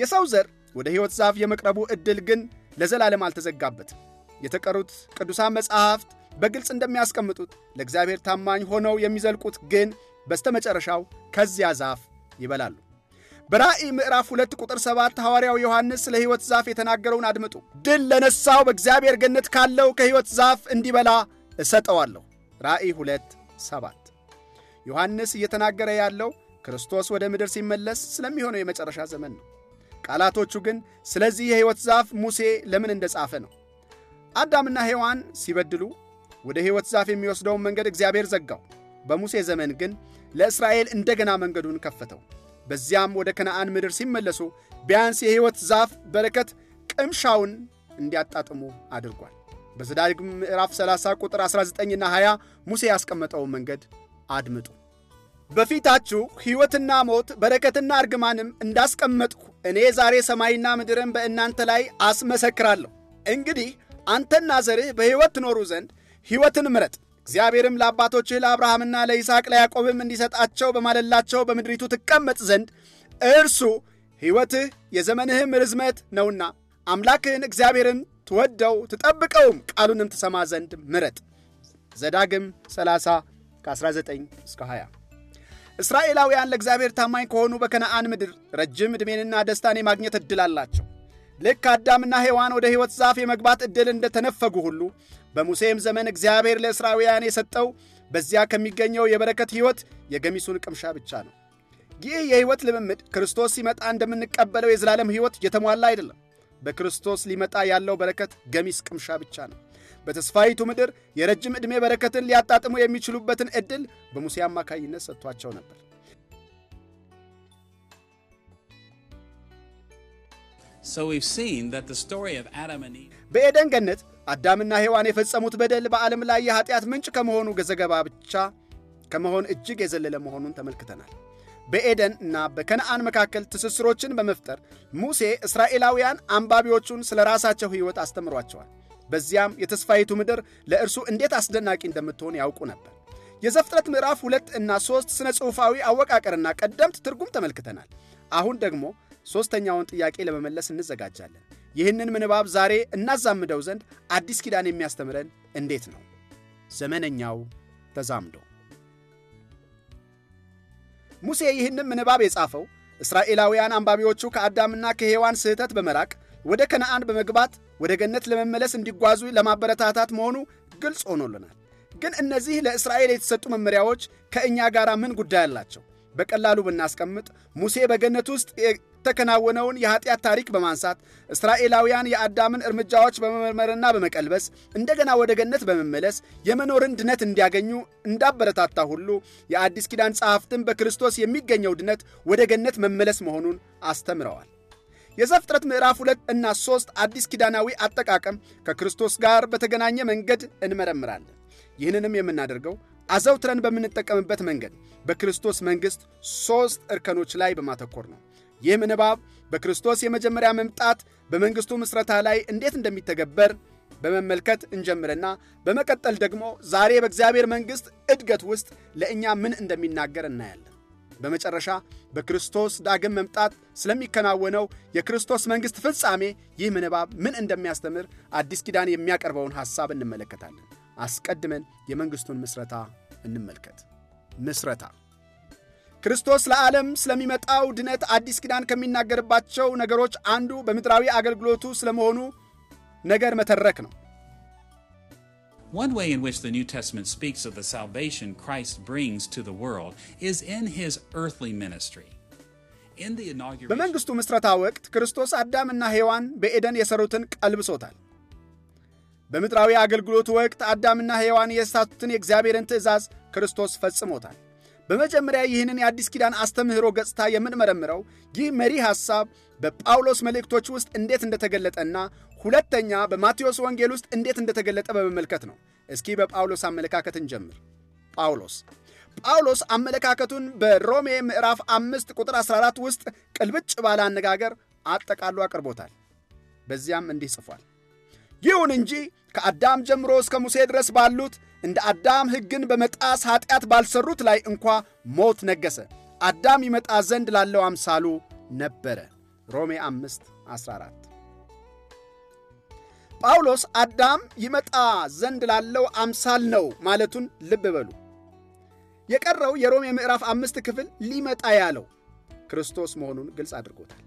የሰው ዘር ወደ ሕይወት ዛፍ የመቅረቡ ዕድል ግን ለዘላለም አልተዘጋበትም። የተቀሩት ቅዱሳን መጻሕፍት በግልጽ እንደሚያስቀምጡት ለእግዚአብሔር ታማኝ ሆነው የሚዘልቁት ግን በስተመጨረሻው ከዚያ ዛፍ ይበላሉ። በራእይ ምዕራፍ ሁለት ቁጥር ሰባት ሐዋርያው ዮሐንስ ስለ ሕይወት ዛፍ የተናገረውን አድምጡ። ድል ለነሳው በእግዚአብሔር ገነት ካለው ከሕይወት ዛፍ እንዲበላ እሰጠዋለሁ። ራእይ ሁለት ሰባት ዮሐንስ እየተናገረ ያለው ክርስቶስ ወደ ምድር ሲመለስ ስለሚሆነው የመጨረሻ ዘመን ነው። ቃላቶቹ ግን ስለዚህ የሕይወት ዛፍ ሙሴ ለምን እንደጻፈ ነው። አዳምና ሔዋን ሲበድሉ ወደ ሕይወት ዛፍ የሚወስደውን መንገድ እግዚአብሔር ዘጋው። በሙሴ ዘመን ግን ለእስራኤል እንደገና መንገዱን ከፈተው። በዚያም ወደ ከነአን ምድር ሲመለሱ ቢያንስ የሕይወት ዛፍ በረከት ቅምሻውን እንዲያጣጥሙ አድርጓል። በዘዳግም ምዕራፍ 30 ቁጥር 19ና 20 ሙሴ ያስቀመጠውን መንገድ አድምጡ። በፊታችሁ ሕይወትና ሞት በረከትና እርግማንም እንዳስቀመጥሁ እኔ ዛሬ ሰማይና ምድርን በእናንተ ላይ አስመሰክራለሁ። እንግዲህ አንተና ዘርህ በሕይወት ትኖሩ ዘንድ ሕይወትን ምረጥ። እግዚአብሔርም ለአባቶችህ ለአብርሃምና ለይስሐቅ ለያዕቆብም እንዲሰጣቸው በማለላቸው በምድሪቱ ትቀመጥ ዘንድ እርሱ ሕይወትህ የዘመንህም ርዝመት ነውና አምላክህን እግዚአብሔርን ትወደው ትጠብቀውም ቃሉንም ትሰማ ዘንድ ምረጥ። ዘዳግም 30 ከ19 እስከ 20 እስራኤላውያን ለእግዚአብሔር ታማኝ ከሆኑ በከነአን ምድር ረጅም ዕድሜንና ደስታን የማግኘት ዕድል አላቸው። ልክ አዳምና ሔዋን ወደ ሕይወት ዛፍ የመግባት ዕድል እንደተነፈጉ ሁሉ በሙሴም ዘመን እግዚአብሔር ለእስራውያን የሰጠው በዚያ ከሚገኘው የበረከት ሕይወት የገሚሱን ቅምሻ ብቻ ነው። ይህ የሕይወት ልምምድ ክርስቶስ ሲመጣ እንደምንቀበለው የዘላለም ሕይወት የተሟላ አይደለም። በክርስቶስ ሊመጣ ያለው በረከት ገሚስ ቅምሻ ብቻ ነው። በተስፋይቱ ምድር የረጅም ዕድሜ በረከትን ሊያጣጥሙ የሚችሉበትን ዕድል በሙሴ አማካይነት ሰጥቷቸው ነበር። በኤደን ገነት አዳምና ሔዋን የፈጸሙት በደል በዓለም ላይ የኃጢአት ምንጭ ከመሆኑ ገዘገባ ብቻ ከመሆን እጅግ የዘለለ መሆኑን ተመልክተናል። በኤደን እና በከነአን መካከል ትስስሮችን በመፍጠር ሙሴ እስራኤላውያን አንባቢዎቹን ስለ ራሳቸው ሕይወት አስተምሯቸዋል። በዚያም የተስፋይቱ ምድር ለእርሱ እንዴት አስደናቂ እንደምትሆን ያውቁ ነበር። የዘፍጥረት ምዕራፍ ሁለት እና ሦስት ሥነ ጽሑፋዊ አወቃቀርና ቀደምት ትርጉም ተመልክተናል። አሁን ደግሞ ሦስተኛውን ጥያቄ ለመመለስ እንዘጋጃለን። ይህንን ምንባብ ዛሬ እናዛምደው ዘንድ አዲስ ኪዳን የሚያስተምረን እንዴት ነው? ዘመነኛው ተዛምዶ ሙሴ ይህንን ምንባብ የጻፈው እስራኤላውያን አንባቢዎቹ ከአዳምና ከሔዋን ስህተት በመራቅ ወደ ከነአን በመግባት ወደ ገነት ለመመለስ እንዲጓዙ ለማበረታታት መሆኑ ግልጽ ሆኖልናል። ግን እነዚህ ለእስራኤል የተሰጡ መመሪያዎች ከእኛ ጋር ምን ጉዳይ አላቸው? በቀላሉ ብናስቀምጥ ሙሴ በገነት ውስጥ የተከናወነውን የኃጢአት ታሪክ በማንሳት እስራኤላውያን የአዳምን እርምጃዎች በመመርመርና በመቀልበስ እንደገና ወደ ገነት በመመለስ የመኖርን ድነት እንዲያገኙ እንዳበረታታ ሁሉ የአዲስ ኪዳን ጸሐፍትም በክርስቶስ የሚገኘው ድነት ወደ ገነት መመለስ መሆኑን አስተምረዋል። የዘፍጥረት ምዕራፍ ሁለት እና ሦስት አዲስ ኪዳናዊ አጠቃቀም ከክርስቶስ ጋር በተገናኘ መንገድ እንመረምራለን። ይህንንም የምናደርገው አዘውትረን በምንጠቀምበት መንገድ በክርስቶስ መንግሥት ሦስት እርከኖች ላይ በማተኮር ነው። ይህ ምንባብ በክርስቶስ የመጀመሪያ መምጣት በመንግሥቱ ምስረታ ላይ እንዴት እንደሚተገበር በመመልከት እንጀምርና በመቀጠል ደግሞ ዛሬ በእግዚአብሔር መንግሥት እድገት ውስጥ ለእኛ ምን እንደሚናገር እናያለን። በመጨረሻ በክርስቶስ ዳግም መምጣት ስለሚከናወነው የክርስቶስ መንግሥት ፍጻሜ ይህ ምንባብ ምን እንደሚያስተምር አዲስ ኪዳን የሚያቀርበውን ሐሳብ እንመለከታለን። አስቀድመን የመንግሥቱን ምስረታ እንመልከት። ምስረታ ክርስቶስ ለዓለም ስለሚመጣው ድነት አዲስ ኪዳን ከሚናገርባቸው ነገሮች አንዱ በምድራዊ አገልግሎቱ ስለመሆኑ ነገር መተረክ ነው። One way in which the New Testament speaks of the salvation Christ brings to the world is in his earthly ministry. በመንግሥቱ ምስረታ ወቅት ክርስቶስ አዳምና ሔዋን በኤደን የሠሩትን ቀልብሶታል። በምድራዊ አገልግሎቱ ወቅት አዳምና ሔዋን የሳቱትን የእግዚአብሔርን ትእዛዝ ክርስቶስ ፈጽሞታል። በመጀመሪያ ይህንን የአዲስ ኪዳን አስተምህሮ ገጽታ የምንመረምረው ይህ መሪ ሐሳብ በጳውሎስ መልእክቶች ውስጥ እንዴት እንደተገለጠና ሁለተኛ በማቴዎስ ወንጌል ውስጥ እንዴት እንደተገለጠ በመመልከት ነው። እስኪ በጳውሎስ አመለካከት እንጀምር። ጳውሎስ ጳውሎስ አመለካከቱን በሮሜ ምዕራፍ አምስት ቁጥር 14 ውስጥ ቅልብጭ ባለ አነጋገር አጠቃሉ አቅርቦታል። በዚያም እንዲህ ጽፏል። ይሁን እንጂ ከአዳም ጀምሮ እስከ ሙሴ ድረስ ባሉት እንደ አዳም ሕግን በመጣስ ኀጢአት ባልሠሩት ላይ እንኳ ሞት ነገሰ አዳም ይመጣ ዘንድ ላለው አምሳሉ ነበረ። ሮሜ 5 14 ጳውሎስ አዳም ይመጣ ዘንድ ላለው አምሳል ነው ማለቱን ልብ በሉ። የቀረው የሮሜ ምዕራፍ አምስት ክፍል ሊመጣ ያለው ክርስቶስ መሆኑን ግልጽ አድርጎታል።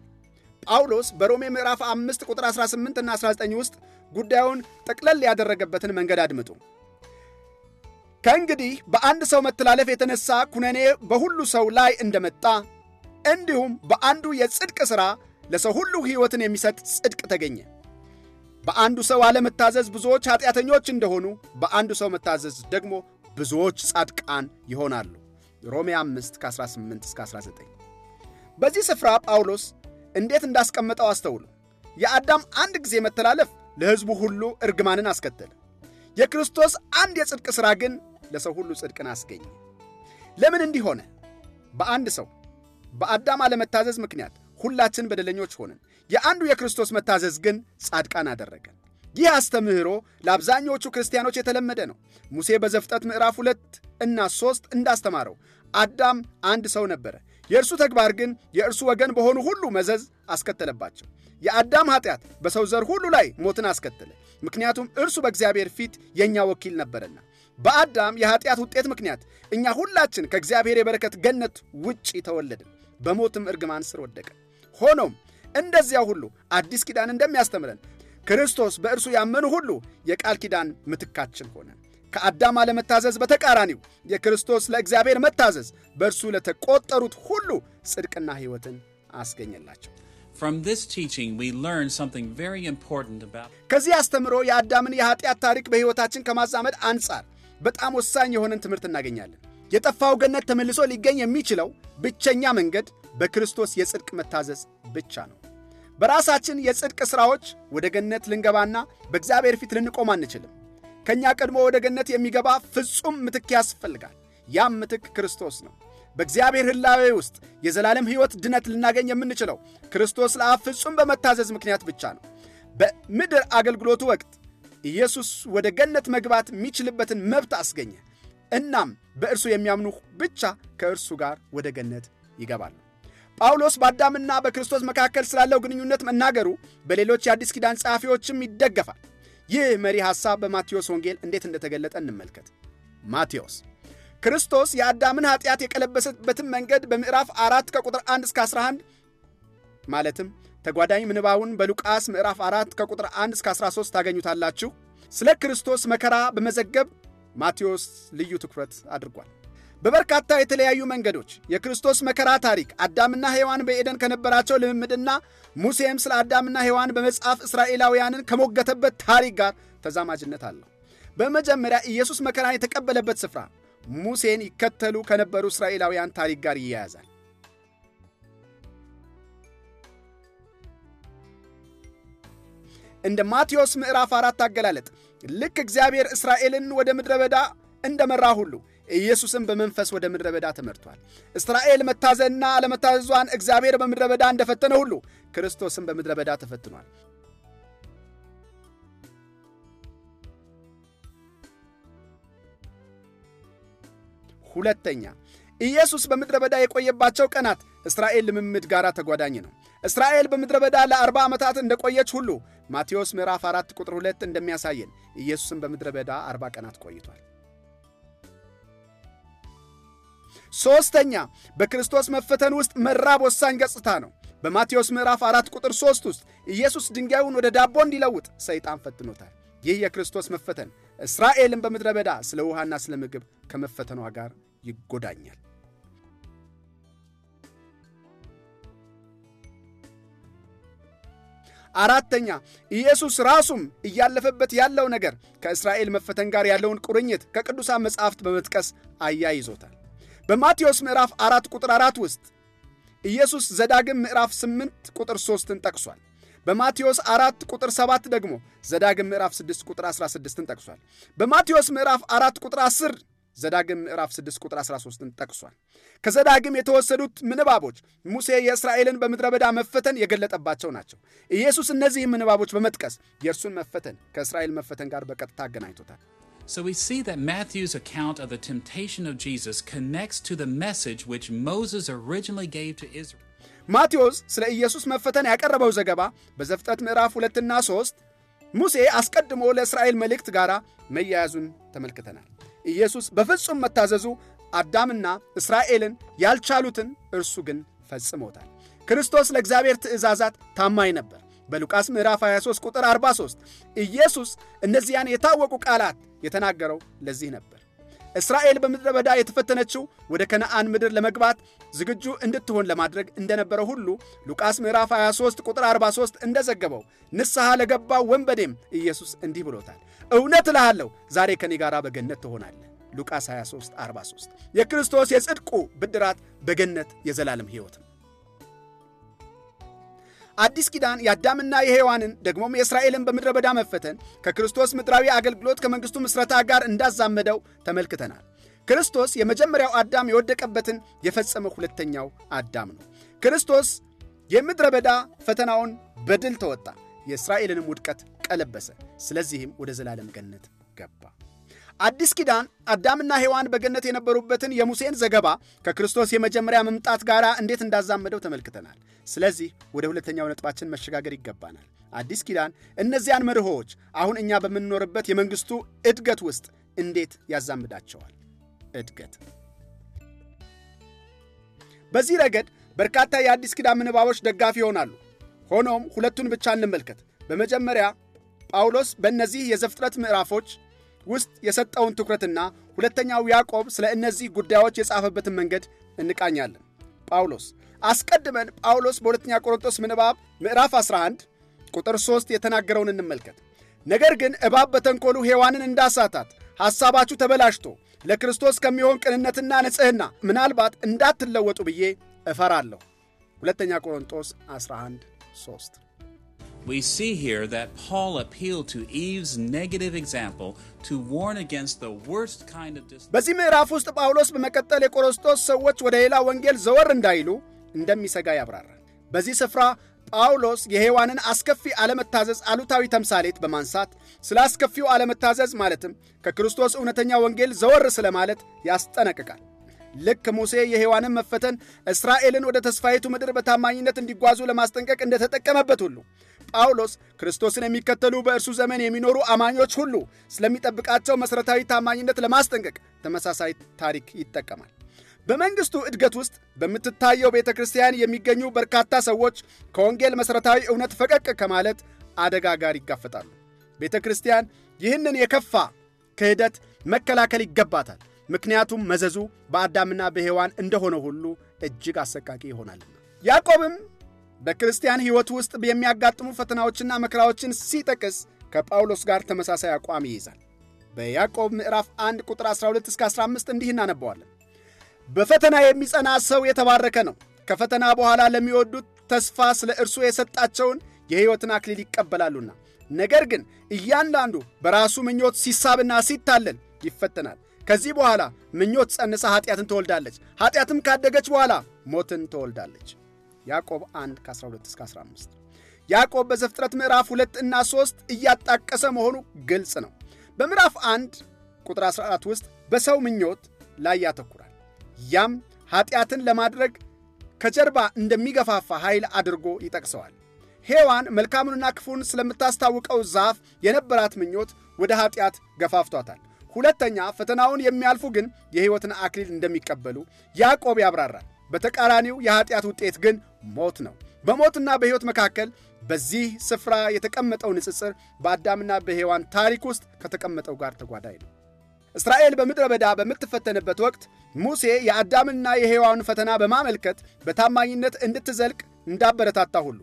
ጳውሎስ በሮሜ ምዕራፍ 5 ቁጥር 18 እና 19 ውስጥ ጉዳዩን ጠቅለል ያደረገበትን መንገድ አድምጡ። ከእንግዲህ በአንድ ሰው መተላለፍ የተነሳ ኩነኔ በሁሉ ሰው ላይ እንደመጣ እንዲሁም በአንዱ የጽድቅ ሥራ ለሰው ሁሉ ሕይወትን የሚሰጥ ጽድቅ ተገኘ። በአንዱ ሰው አለመታዘዝ ብዙዎች ኀጢአተኞች እንደሆኑ በአንዱ ሰው መታዘዝ ደግሞ ብዙዎች ጻድቃን ይሆናሉ። ሮሜ 5 18 እስከ 19። በዚህ ስፍራ ጳውሎስ እንዴት እንዳስቀመጠው አስተውሉ። የአዳም አንድ ጊዜ መተላለፍ ለሕዝቡ ሁሉ እርግማንን አስከተለ። የክርስቶስ አንድ የጽድቅ ሥራ ግን ለሰው ሁሉ ጽድቅን አስገኘ። ለምን እንዲሆነ? በአንድ ሰው በአዳም አለመታዘዝ ምክንያት ሁላችን በደለኞች ሆንን። የአንዱ የክርስቶስ መታዘዝ ግን ጻድቃን አደረገን። ይህ አስተምህሮ ለአብዛኞቹ ክርስቲያኖች የተለመደ ነው። ሙሴ በዘፍጠት ምዕራፍ ሁለት እና ሦስት እንዳስተማረው አዳም አንድ ሰው ነበረ። የእርሱ ተግባር ግን የእርሱ ወገን በሆኑ ሁሉ መዘዝ አስከተለባቸው። የአዳም ኃጢአት በሰው ዘር ሁሉ ላይ ሞትን አስከተለ። ምክንያቱም እርሱ በእግዚአብሔር ፊት የእኛ ወኪል ነበረና በአዳም የኃጢአት ውጤት ምክንያት እኛ ሁላችን ከእግዚአብሔር የበረከት ገነት ውጪ ተወለድን፣ በሞትም እርግማን ስር ወደቀ። ሆኖም እንደዚያ ሁሉ አዲስ ኪዳን እንደሚያስተምረን ክርስቶስ በእርሱ ያመኑ ሁሉ የቃል ኪዳን ምትካችን ሆነ። ከአዳም አለመታዘዝ በተቃራኒው የክርስቶስ ለእግዚአብሔር መታዘዝ በእርሱ ለተቆጠሩት ሁሉ ጽድቅና ሕይወትን አስገኘላቸው። ከዚህ አስተምሮ የአዳምን የኃጢአት ታሪክ በሕይወታችን ከማዛመድ አንጻር በጣም ወሳኝ የሆነን ትምህርት እናገኛለን። የጠፋው ገነት ተመልሶ ሊገኝ የሚችለው ብቸኛ መንገድ በክርስቶስ የጽድቅ መታዘዝ ብቻ ነው። በራሳችን የጽድቅ ሥራዎች ወደ ገነት ልንገባና በእግዚአብሔር ፊት ልንቆም አንችልም። ከእኛ ቀድሞ ወደ ገነት የሚገባ ፍጹም ምትክ ያስፈልጋል። ያም ምትክ ክርስቶስ ነው። በእግዚአብሔር ሕላዌ ውስጥ የዘላለም ሕይወት ድነት ልናገኝ የምንችለው ክርስቶስ ለአብ ፍጹም በመታዘዝ ምክንያት ብቻ ነው። በምድር አገልግሎቱ ወቅት ኢየሱስ ወደ ገነት መግባት የሚችልበትን መብት አስገኘ። እናም በእርሱ የሚያምኑ ብቻ ከእርሱ ጋር ወደ ገነት ይገባሉ። ጳውሎስ በአዳምና በክርስቶስ መካከል ስላለው ግንኙነት መናገሩ በሌሎች የአዲስ ኪዳን ጸሐፊዎችም ይደገፋል። ይህ መሪ ሐሳብ በማቴዎስ ወንጌል እንዴት እንደተገለጠ እንመልከት። ማቴዎስ ክርስቶስ የአዳምን ኃጢአት የቀለበሰበትን መንገድ በምዕራፍ 4 ከቁጥር 1 እስከ 11 ማለትም ተጓዳኝ ምንባቡን በሉቃስ ምዕራፍ 4 ከቁጥር 1 እስከ 13 ታገኙታላችሁ። ስለ ክርስቶስ መከራ በመዘገብ ማቴዎስ ልዩ ትኩረት አድርጓል። በበርካታ የተለያዩ መንገዶች የክርስቶስ መከራ ታሪክ አዳምና ሔዋን በኤደን ከነበራቸው ልምምድና ሙሴም ስለ አዳምና ሔዋን በመጽሐፍ እስራኤላውያንን ከሞገተበት ታሪክ ጋር ተዛማጅነት አለው። በመጀመሪያ ኢየሱስ መከራን የተቀበለበት ስፍራ ሙሴን ይከተሉ ከነበሩ እስራኤላውያን ታሪክ ጋር ይያያዛል። እንደ ማቴዎስ ምዕራፍ አራት አገላለጥ ልክ እግዚአብሔር እስራኤልን ወደ ምድረ በዳ እንደመራ ሁሉ ኢየሱስም በመንፈስ ወደ ምድረ በዳ ተመርቷል። እስራኤል መታዘና አለመታዘዟን እግዚአብሔር በምድረ በዳ እንደፈተነ ሁሉ ክርስቶስም በምድረ በዳ ተፈትኗል። ሁለተኛ ኢየሱስ በምድረ በዳ የቆየባቸው ቀናት እስራኤል ልምምድ ጋር ተጓዳኝ ነው። እስራኤል በምድረ በዳ ለአርባ ዓመታት እንደቆየች ሁሉ ማቴዎስ ምዕራፍ 4 ቁጥር 2 እንደሚያሳየን ኢየሱስን በምድረ በዳ 40 ቀናት ቆይቷል። ሦስተኛ በክርስቶስ መፈተን ውስጥ መራብ ወሳኝ ገጽታ ነው። በማቴዎስ ምዕራፍ 4 ቁጥር 3 ውስጥ ኢየሱስ ድንጋዩን ወደ ዳቦ እንዲለውጥ ሰይጣን ፈትኖታል። ይህ የክርስቶስ መፈተን እስራኤልን በምድረ በዳ ስለ ውሃና ስለ ምግብ ከመፈተኗ ጋር ይጎዳኛል። አራተኛ ኢየሱስ ራሱም እያለፈበት ያለው ነገር ከእስራኤል መፈተን ጋር ያለውን ቁርኝት ከቅዱሳን መጻሕፍት በመጥቀስ አያይዞታል። በማቴዎስ ምዕራፍ 4 ቁጥር 4 ውስጥ ኢየሱስ ዘዳግም ምዕራፍ 8 ቁጥር 3 ጠቅሷል። በማቴዎስ 4 ቁጥር 7 ደግሞ ዘዳግም ምዕራፍ 6 ቁጥር 16ን ጠቅሷል። በማቴዎስ ምዕራፍ አራት ቁጥር 10 ዘዳግም ምዕራፍ 6 ቁጥር 13ን ጠቅሷል። ከዘዳግም የተወሰዱት ምንባቦች ሙሴ የእስራኤልን በምድረ በዳ መፈተን የገለጠባቸው ናቸው። ኢየሱስ እነዚህ ምንባቦች በመጥቀስ የእርሱን መፈተን ከእስራኤል መፈተን ጋር በቀጥታ አገናኝቶታል። So we see that Matthew's account of the temptation of Jesus connects to the message which Moses originally gave to Israel. ማቴዎስ ስለ ኢየሱስ መፈተን ያቀረበው ዘገባ በዘፍጥረት ምዕራፍ ሁለትና ሦስት ሙሴ አስቀድሞ ለእስራኤል መልእክት ጋር መያያዙን ተመልክተናል። ኢየሱስ በፍጹም መታዘዙ አዳምና እስራኤልን ያልቻሉትን እርሱ ግን ፈጽሞታል። ክርስቶስ ለእግዚአብሔር ትእዛዛት ታማኝ ነበር። በሉቃስ ምዕራፍ 23 ቁጥር 43 ኢየሱስ እነዚያን የታወቁ ቃላት የተናገረው ለዚህ ነበር። እስራኤል በምድረ በዳ የተፈተነችው ወደ ከነአን ምድር ለመግባት ዝግጁ እንድትሆን ለማድረግ እንደነበረ ሁሉ ሉቃስ ምዕራፍ 23 ቁጥር 43 እንደዘገበው ንስሐ ለገባው ወንበዴም ኢየሱስ እንዲህ ብሎታል፣ እውነት እልሃለሁ ዛሬ ከኔ ጋር በገነት ትሆናለህ። ሉቃስ 23 43 የክርስቶስ የጽድቁ ብድራት በገነት የዘላለም ሕይወት ነው። አዲስ ኪዳን የአዳምና የሔዋንን ደግሞም የእስራኤልን በምድረ በዳ መፈተን ከክርስቶስ ምድራዊ አገልግሎት ከመንግሥቱ ምስረታ ጋር እንዳዛመደው ተመልክተናል። ክርስቶስ የመጀመሪያው አዳም የወደቀበትን የፈጸመ ሁለተኛው አዳም ነው። ክርስቶስ የምድረ በዳ ፈተናውን በድል ተወጣ፣ የእስራኤልንም ውድቀት ቀለበሰ። ስለዚህም ወደ ዘላለም ገነት ገባ። አዲስ ኪዳን አዳምና ሔዋን በገነት የነበሩበትን የሙሴን ዘገባ ከክርስቶስ የመጀመሪያ መምጣት ጋር እንዴት እንዳዛመደው ተመልክተናል። ስለዚህ ወደ ሁለተኛው ነጥባችን መሸጋገር ይገባናል። አዲስ ኪዳን እነዚያን መርሆዎች አሁን እኛ በምንኖርበት የመንግሥቱ እድገት ውስጥ እንዴት ያዛምዳቸዋል? እድገት በዚህ ረገድ በርካታ የአዲስ ኪዳን ምንባቦች ደጋፊ ይሆናሉ። ሆኖም ሁለቱን ብቻ እንመልከት። በመጀመሪያ ጳውሎስ በእነዚህ የዘፍጥረት ምዕራፎች ውስጥ የሰጠውን ትኩረትና ሁለተኛው ያዕቆብ ስለ እነዚህ ጉዳዮች የጻፈበትን መንገድ እንቃኛለን። ጳውሎስ አስቀድመን ጳውሎስ በሁለተኛ ቆሮንቶስ ምንባብ ምዕራፍ 11 ቁጥር 3 የተናገረውን እንመልከት። ነገር ግን እባብ በተንኮሉ ሔዋንን እንዳሳታት ሐሳባችሁ ተበላሽቶ ለክርስቶስ ከሚሆን ቅንነትና ንጽሕና ምናልባት እንዳትለወጡ ብዬ እፈራለሁ። ሁለተኛ ቆሮንቶስ 11 3 We see here that Paul appealed to Eve's negative example to warn against the worst kind of በዚህ ምዕራፍ ውስጥ ጳውሎስ በመቀጠል የቆሮንቶስ ሰዎች ወደ ሌላ ወንጌል ዘወር እንዳይሉ እንደሚሰጋ ያብራራል። በዚህ ስፍራ ጳውሎስ የሔዋንን አስከፊ አለመታዘዝ አሉታዊ ተምሳሌት በማንሳት ስለ አስከፊው አለመታዘዝ ማለትም ከክርስቶስ እውነተኛ ወንጌል ዘወር ስለማለት ያስጠነቅቃል። ልክ ሙሴ የሔዋንን መፈተን እስራኤልን ወደ ተስፋይቱ ምድር በታማኝነት እንዲጓዙ ለማስጠንቀቅ እንደተጠቀመበት ሁሉ ጳውሎስ ክርስቶስን የሚከተሉ በእርሱ ዘመን የሚኖሩ አማኞች ሁሉ ስለሚጠብቃቸው መሠረታዊ ታማኝነት ለማስጠንቀቅ ተመሳሳይ ታሪክ ይጠቀማል። በመንግሥቱ እድገት ውስጥ በምትታየው ቤተ ክርስቲያን የሚገኙ በርካታ ሰዎች ከወንጌል መሠረታዊ እውነት ፈቀቅ ከማለት አደጋ ጋር ይጋፈጣሉ። ቤተ ክርስቲያን ይህንን የከፋ ክህደት መከላከል ይገባታል። ምክንያቱም መዘዙ በአዳምና በሔዋን እንደሆነ ሁሉ እጅግ አሰቃቂ ይሆናልና። ያዕቆብም በክርስቲያን ሕይወት ውስጥ የሚያጋጥሙ ፈተናዎችና መከራዎችን ሲጠቅስ ከጳውሎስ ጋር ተመሳሳይ አቋም ይይዛል። በያዕቆብ ምዕራፍ 1 ቁጥር 12 እስከ 15 እንዲህ እናነባዋለን። በፈተና የሚጸና ሰው የተባረከ ነው፣ ከፈተና በኋላ ለሚወዱት ተስፋ ስለ እርሱ የሰጣቸውን የሕይወትን አክሊል ይቀበላሉና። ነገር ግን እያንዳንዱ በራሱ ምኞት ሲሳብና ሲታለል ይፈተናል። ከዚህ በኋላ ምኞት ጸንሳ ኃጢአትን ትወልዳለች፣ ኃጢአትም ካደገች በኋላ ሞትን ትወልዳለች። ያዕቆብ 1 ከ12 እስከ 15 ያዕቆብ በዘፍጥረት ምዕራፍ 2 እና 3 እያጣቀሰ መሆኑ ግልጽ ነው። በምዕራፍ 1 ቁጥር 14 ውስጥ በሰው ምኞት ላይ ያተኩራል። ያም ኃጢአትን ለማድረግ ከጀርባ እንደሚገፋፋ ኃይል አድርጎ ይጠቅሰዋል። ሔዋን መልካሙንና ክፉን ስለምታስታውቀው ዛፍ የነበራት ምኞት ወደ ኃጢአት ገፋፍቷታል። ሁለተኛ ፈተናውን የሚያልፉ ግን የሕይወትን አክሊል እንደሚቀበሉ ያዕቆብ ያብራራል። በተቃራኒው የኀጢአት ውጤት ግን ሞት ነው። በሞትና በሕይወት መካከል በዚህ ስፍራ የተቀመጠው ንጽጽር በአዳምና በሔዋን ታሪክ ውስጥ ከተቀመጠው ጋር ተጓዳኝ ነው። እስራኤል በምድረ በዳ በምትፈተንበት ወቅት ሙሴ የአዳምና የሔዋን ፈተና በማመልከት በታማኝነት እንድትዘልቅ እንዳበረታታ ሁሉ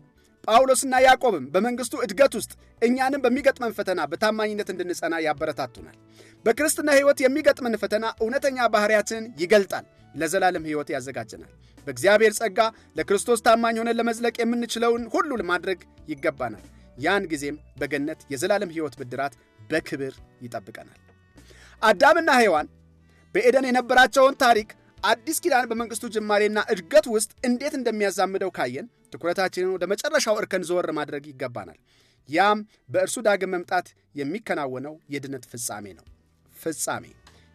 ጳውሎስና ያዕቆብም በመንግሥቱ እድገት ውስጥ እኛንም በሚገጥመን ፈተና በታማኝነት እንድንጸና ያበረታቱናል። በክርስትና ሕይወት የሚገጥመን ፈተና እውነተኛ ባሕርያችንን ይገልጣል። ለዘላለም ሕይወት ያዘጋጀናል። በእግዚአብሔር ጸጋ ለክርስቶስ ታማኝ ሆነን ለመዝለቅ የምንችለውን ሁሉ ማድረግ ይገባናል። ያን ጊዜም በገነት የዘላለም ሕይወት ብድራት በክብር ይጠብቀናል። አዳምና ሔዋን በኤደን የነበራቸውን ታሪክ አዲስ ኪዳን በመንግሥቱ ጅማሬና እድገት ውስጥ እንዴት እንደሚያዛምደው ካየን ትኩረታችንን ወደ መጨረሻው እርከን ዘወር ማድረግ ይገባናል። ያም በእርሱ ዳግም መምጣት የሚከናወነው የድነት ፍጻሜ ነው። ፍጻሜ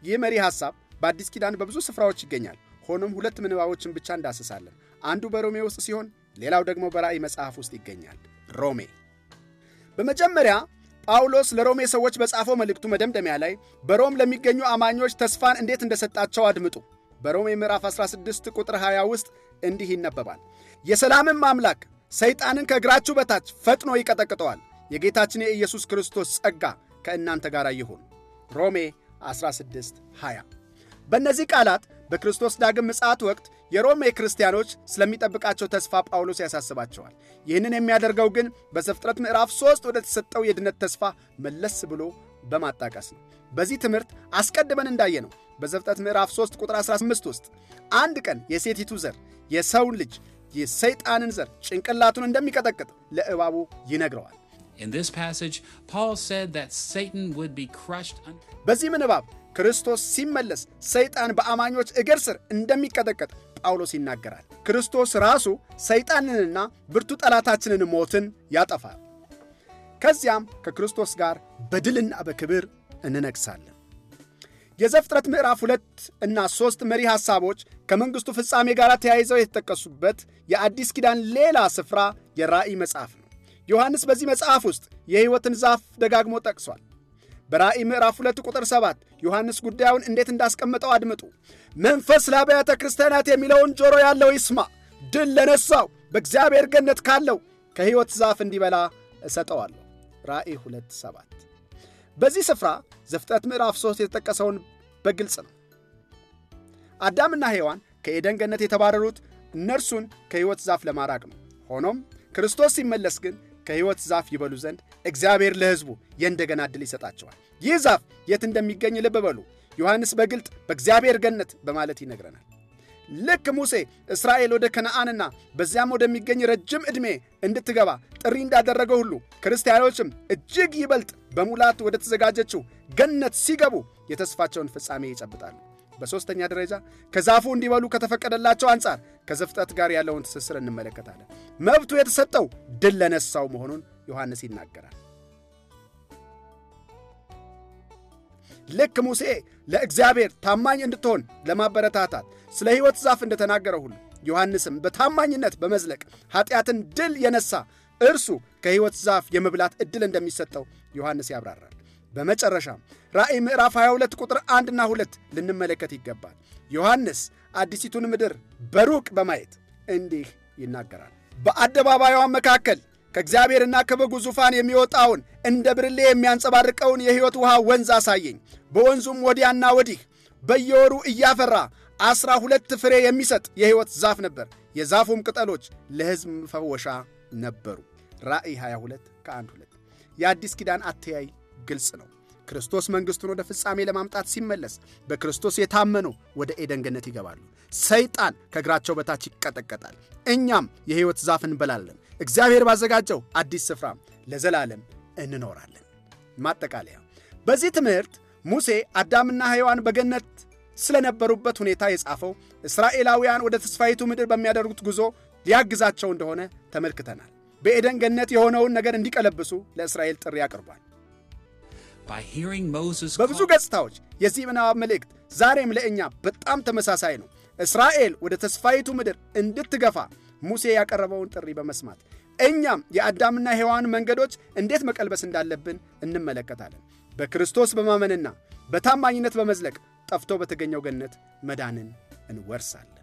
ይህ መሪ ሐሳብ በአዲስ ኪዳን በብዙ ስፍራዎች ይገኛል። ሆኖም ሁለት ምንባቦችን ብቻ እንዳስሳለን። አንዱ በሮሜ ውስጥ ሲሆን ሌላው ደግሞ በራእይ መጽሐፍ ውስጥ ይገኛል። ሮሜ በመጀመሪያ ጳውሎስ ለሮሜ ሰዎች በጻፈው መልእክቱ መደምደሚያ ላይ በሮም ለሚገኙ አማኞች ተስፋን እንዴት እንደሰጣቸው አድምጡ። በሮሜ ምዕራፍ 16 ቁጥር 20 ውስጥ እንዲህ ይነበባል። የሰላምም አምላክ ሰይጣንን ከእግራችሁ በታች ፈጥኖ ይቀጠቅጠዋል። የጌታችን የኢየሱስ ክርስቶስ ጸጋ ከእናንተ ጋር ይሁን። ሮሜ 16 20 በእነዚህ ቃላት በክርስቶስ ዳግም ምጽአት ወቅት የሮሜ ክርስቲያኖች ስለሚጠብቃቸው ተስፋ ጳውሎስ ያሳስባቸዋል። ይህንን የሚያደርገው ግን በዘፍጥረት ምዕራፍ 3 ወደ ተሰጠው የድነት ተስፋ መለስ ብሎ በማጣቀስ ነው። በዚህ ትምህርት አስቀድመን ነው በዘፍጥረት ምዕራፍ 3 ቁጥር 15 ውስጥ አንድ ቀን የሴቲቱ ዘር የሰውን ልጅ የሰይጣንን ዘር ጭንቅላቱን እንደሚቀጠቅጥ ለእባቡ ይነግረዋል። በዚህ ምንባብ ክርስቶስ ሲመለስ ሰይጣን በአማኞች እግር ስር እንደሚቀጠቀጥ ጳውሎስ ይናገራል። ክርስቶስ ራሱ ሰይጣንንና ብርቱ ጠላታችንን ሞትን ያጠፋል። ከዚያም ከክርስቶስ ጋር በድልና በክብር እንነግሳለን። የዘፍጥረት ምዕራፍ ሁለት እና ሦስት መሪ ሐሳቦች ከመንግሥቱ ፍጻሜ ጋር ተያይዘው የተጠቀሱበት የአዲስ ኪዳን ሌላ ስፍራ የራእይ መጽሐፍ ነው። ዮሐንስ በዚህ መጽሐፍ ውስጥ የሕይወትን ዛፍ ደጋግሞ ጠቅሷል። በራእይ ምዕራፍ 2 ቁጥር 7 ዮሐንስ ጉዳዩን እንዴት እንዳስቀመጠው አድምጡ። መንፈስ ለአብያተ ክርስቲያናት የሚለውን ጆሮ ያለው ይስማ፣ ድል ለነሳው በእግዚአብሔር ገነት ካለው ከሕይወት ዛፍ እንዲበላ እሰጠዋለሁ። ራእይ 2 7 በዚህ ስፍራ ዘፍጥረት ምዕራፍ 3 የተጠቀሰውን በግልጽ ነው። አዳምና ሔዋን ከኤደን ገነት የተባረሩት እነርሱን ከሕይወት ዛፍ ለማራቅ ነው። ሆኖም ክርስቶስ ሲመለስ ግን ከሕይወት ዛፍ ይበሉ ዘንድ እግዚአብሔር ለሕዝቡ የእንደገና ዕድል ይሰጣቸዋል። ይህ ዛፍ የት እንደሚገኝ ልብ በሉ። ዮሐንስ በግልጥ በእግዚአብሔር ገነት በማለት ይነግረናል። ልክ ሙሴ እስራኤል ወደ ከነአንና በዚያም ወደሚገኝ ረጅም ዕድሜ እንድትገባ ጥሪ እንዳደረገ ሁሉ ክርስቲያኖችም እጅግ ይበልጥ በሙላት ወደ ተዘጋጀችው ገነት ሲገቡ የተስፋቸውን ፍጻሜ ይጨብጣሉ። በሦስተኛ ደረጃ ከዛፉ እንዲበሉ ከተፈቀደላቸው አንጻር ከዘፍጥረት ጋር ያለውን ትስስር እንመለከታለን። መብቱ የተሰጠው ድል ለነሳው መሆኑን ዮሐንስ ይናገራል። ልክ ሙሴ ለእግዚአብሔር ታማኝ እንድትሆን ለማበረታታት ስለ ሕይወት ዛፍ እንደተናገረ ሁሉ ዮሐንስም በታማኝነት በመዝለቅ ኃጢአትን ድል የነሳ እርሱ ከሕይወት ዛፍ የመብላት ዕድል እንደሚሰጠው ዮሐንስ ያብራራል። በመጨረሻ ራእይ ምዕራፍ 22 ቁጥር 1 እና 2 ልንመለከት ይገባል። ዮሐንስ አዲሲቱን ምድር በሩቅ በማየት እንዲህ ይናገራል። በአደባባይዋን መካከል ከእግዚአብሔርና ከበጉ ዙፋን የሚወጣውን እንደ ብርሌ የሚያንጸባርቀውን የሕይወት ውሃ ወንዝ አሳየኝ። በወንዙም ወዲያና ወዲህ በየወሩ እያፈራ ዐሥራ ሁለት ፍሬ የሚሰጥ የሕይወት ዛፍ ነበር። የዛፉም ቅጠሎች ለሕዝብ መፈወሻ ነበሩ። ራእይ 22 ከ1 2 የአዲስ ኪዳን አተያይ ግልጽ ነው። ክርስቶስ መንግሥቱን ወደ ፍጻሜ ለማምጣት ሲመለስ በክርስቶስ የታመኑ ወደ ኤደን ገነት ይገባሉ። ሰይጣን ከእግራቸው በታች ይቀጠቀጣል። እኛም የሕይወት ዛፍ እንበላለን። እግዚአብሔር ባዘጋጀው አዲስ ስፍራ ለዘላለም እንኖራለን። ማጠቃለያ፣ በዚህ ትምህርት ሙሴ አዳምና ሔዋን በገነት ስለነበሩበት ሁኔታ የጻፈው እስራኤላውያን ወደ ተስፋይቱ ምድር በሚያደርጉት ጉዞ ሊያግዛቸው እንደሆነ ተመልክተናል። በኤደን ገነት የሆነውን ነገር እንዲቀለብሱ ለእስራኤል ጥሪ አቅርቧል። በብዙ ገጽታዎች የሲብና መልእክት ዛሬም ለእኛ በጣም ተመሳሳይ ነው። እስራኤል ወደ ተስፋይቱ ምድር እንድትገፋ ሙሴ ያቀረበውን ጥሪ በመስማት እኛም የአዳምና ሔዋን መንገዶች እንዴት መቀልበስ እንዳለብን እንመለከታለን። በክርስቶስ በማመንና በታማኝነት በመዝለቅ ጠፍቶ በተገኘው ገነት መዳንን እንወርሳለን።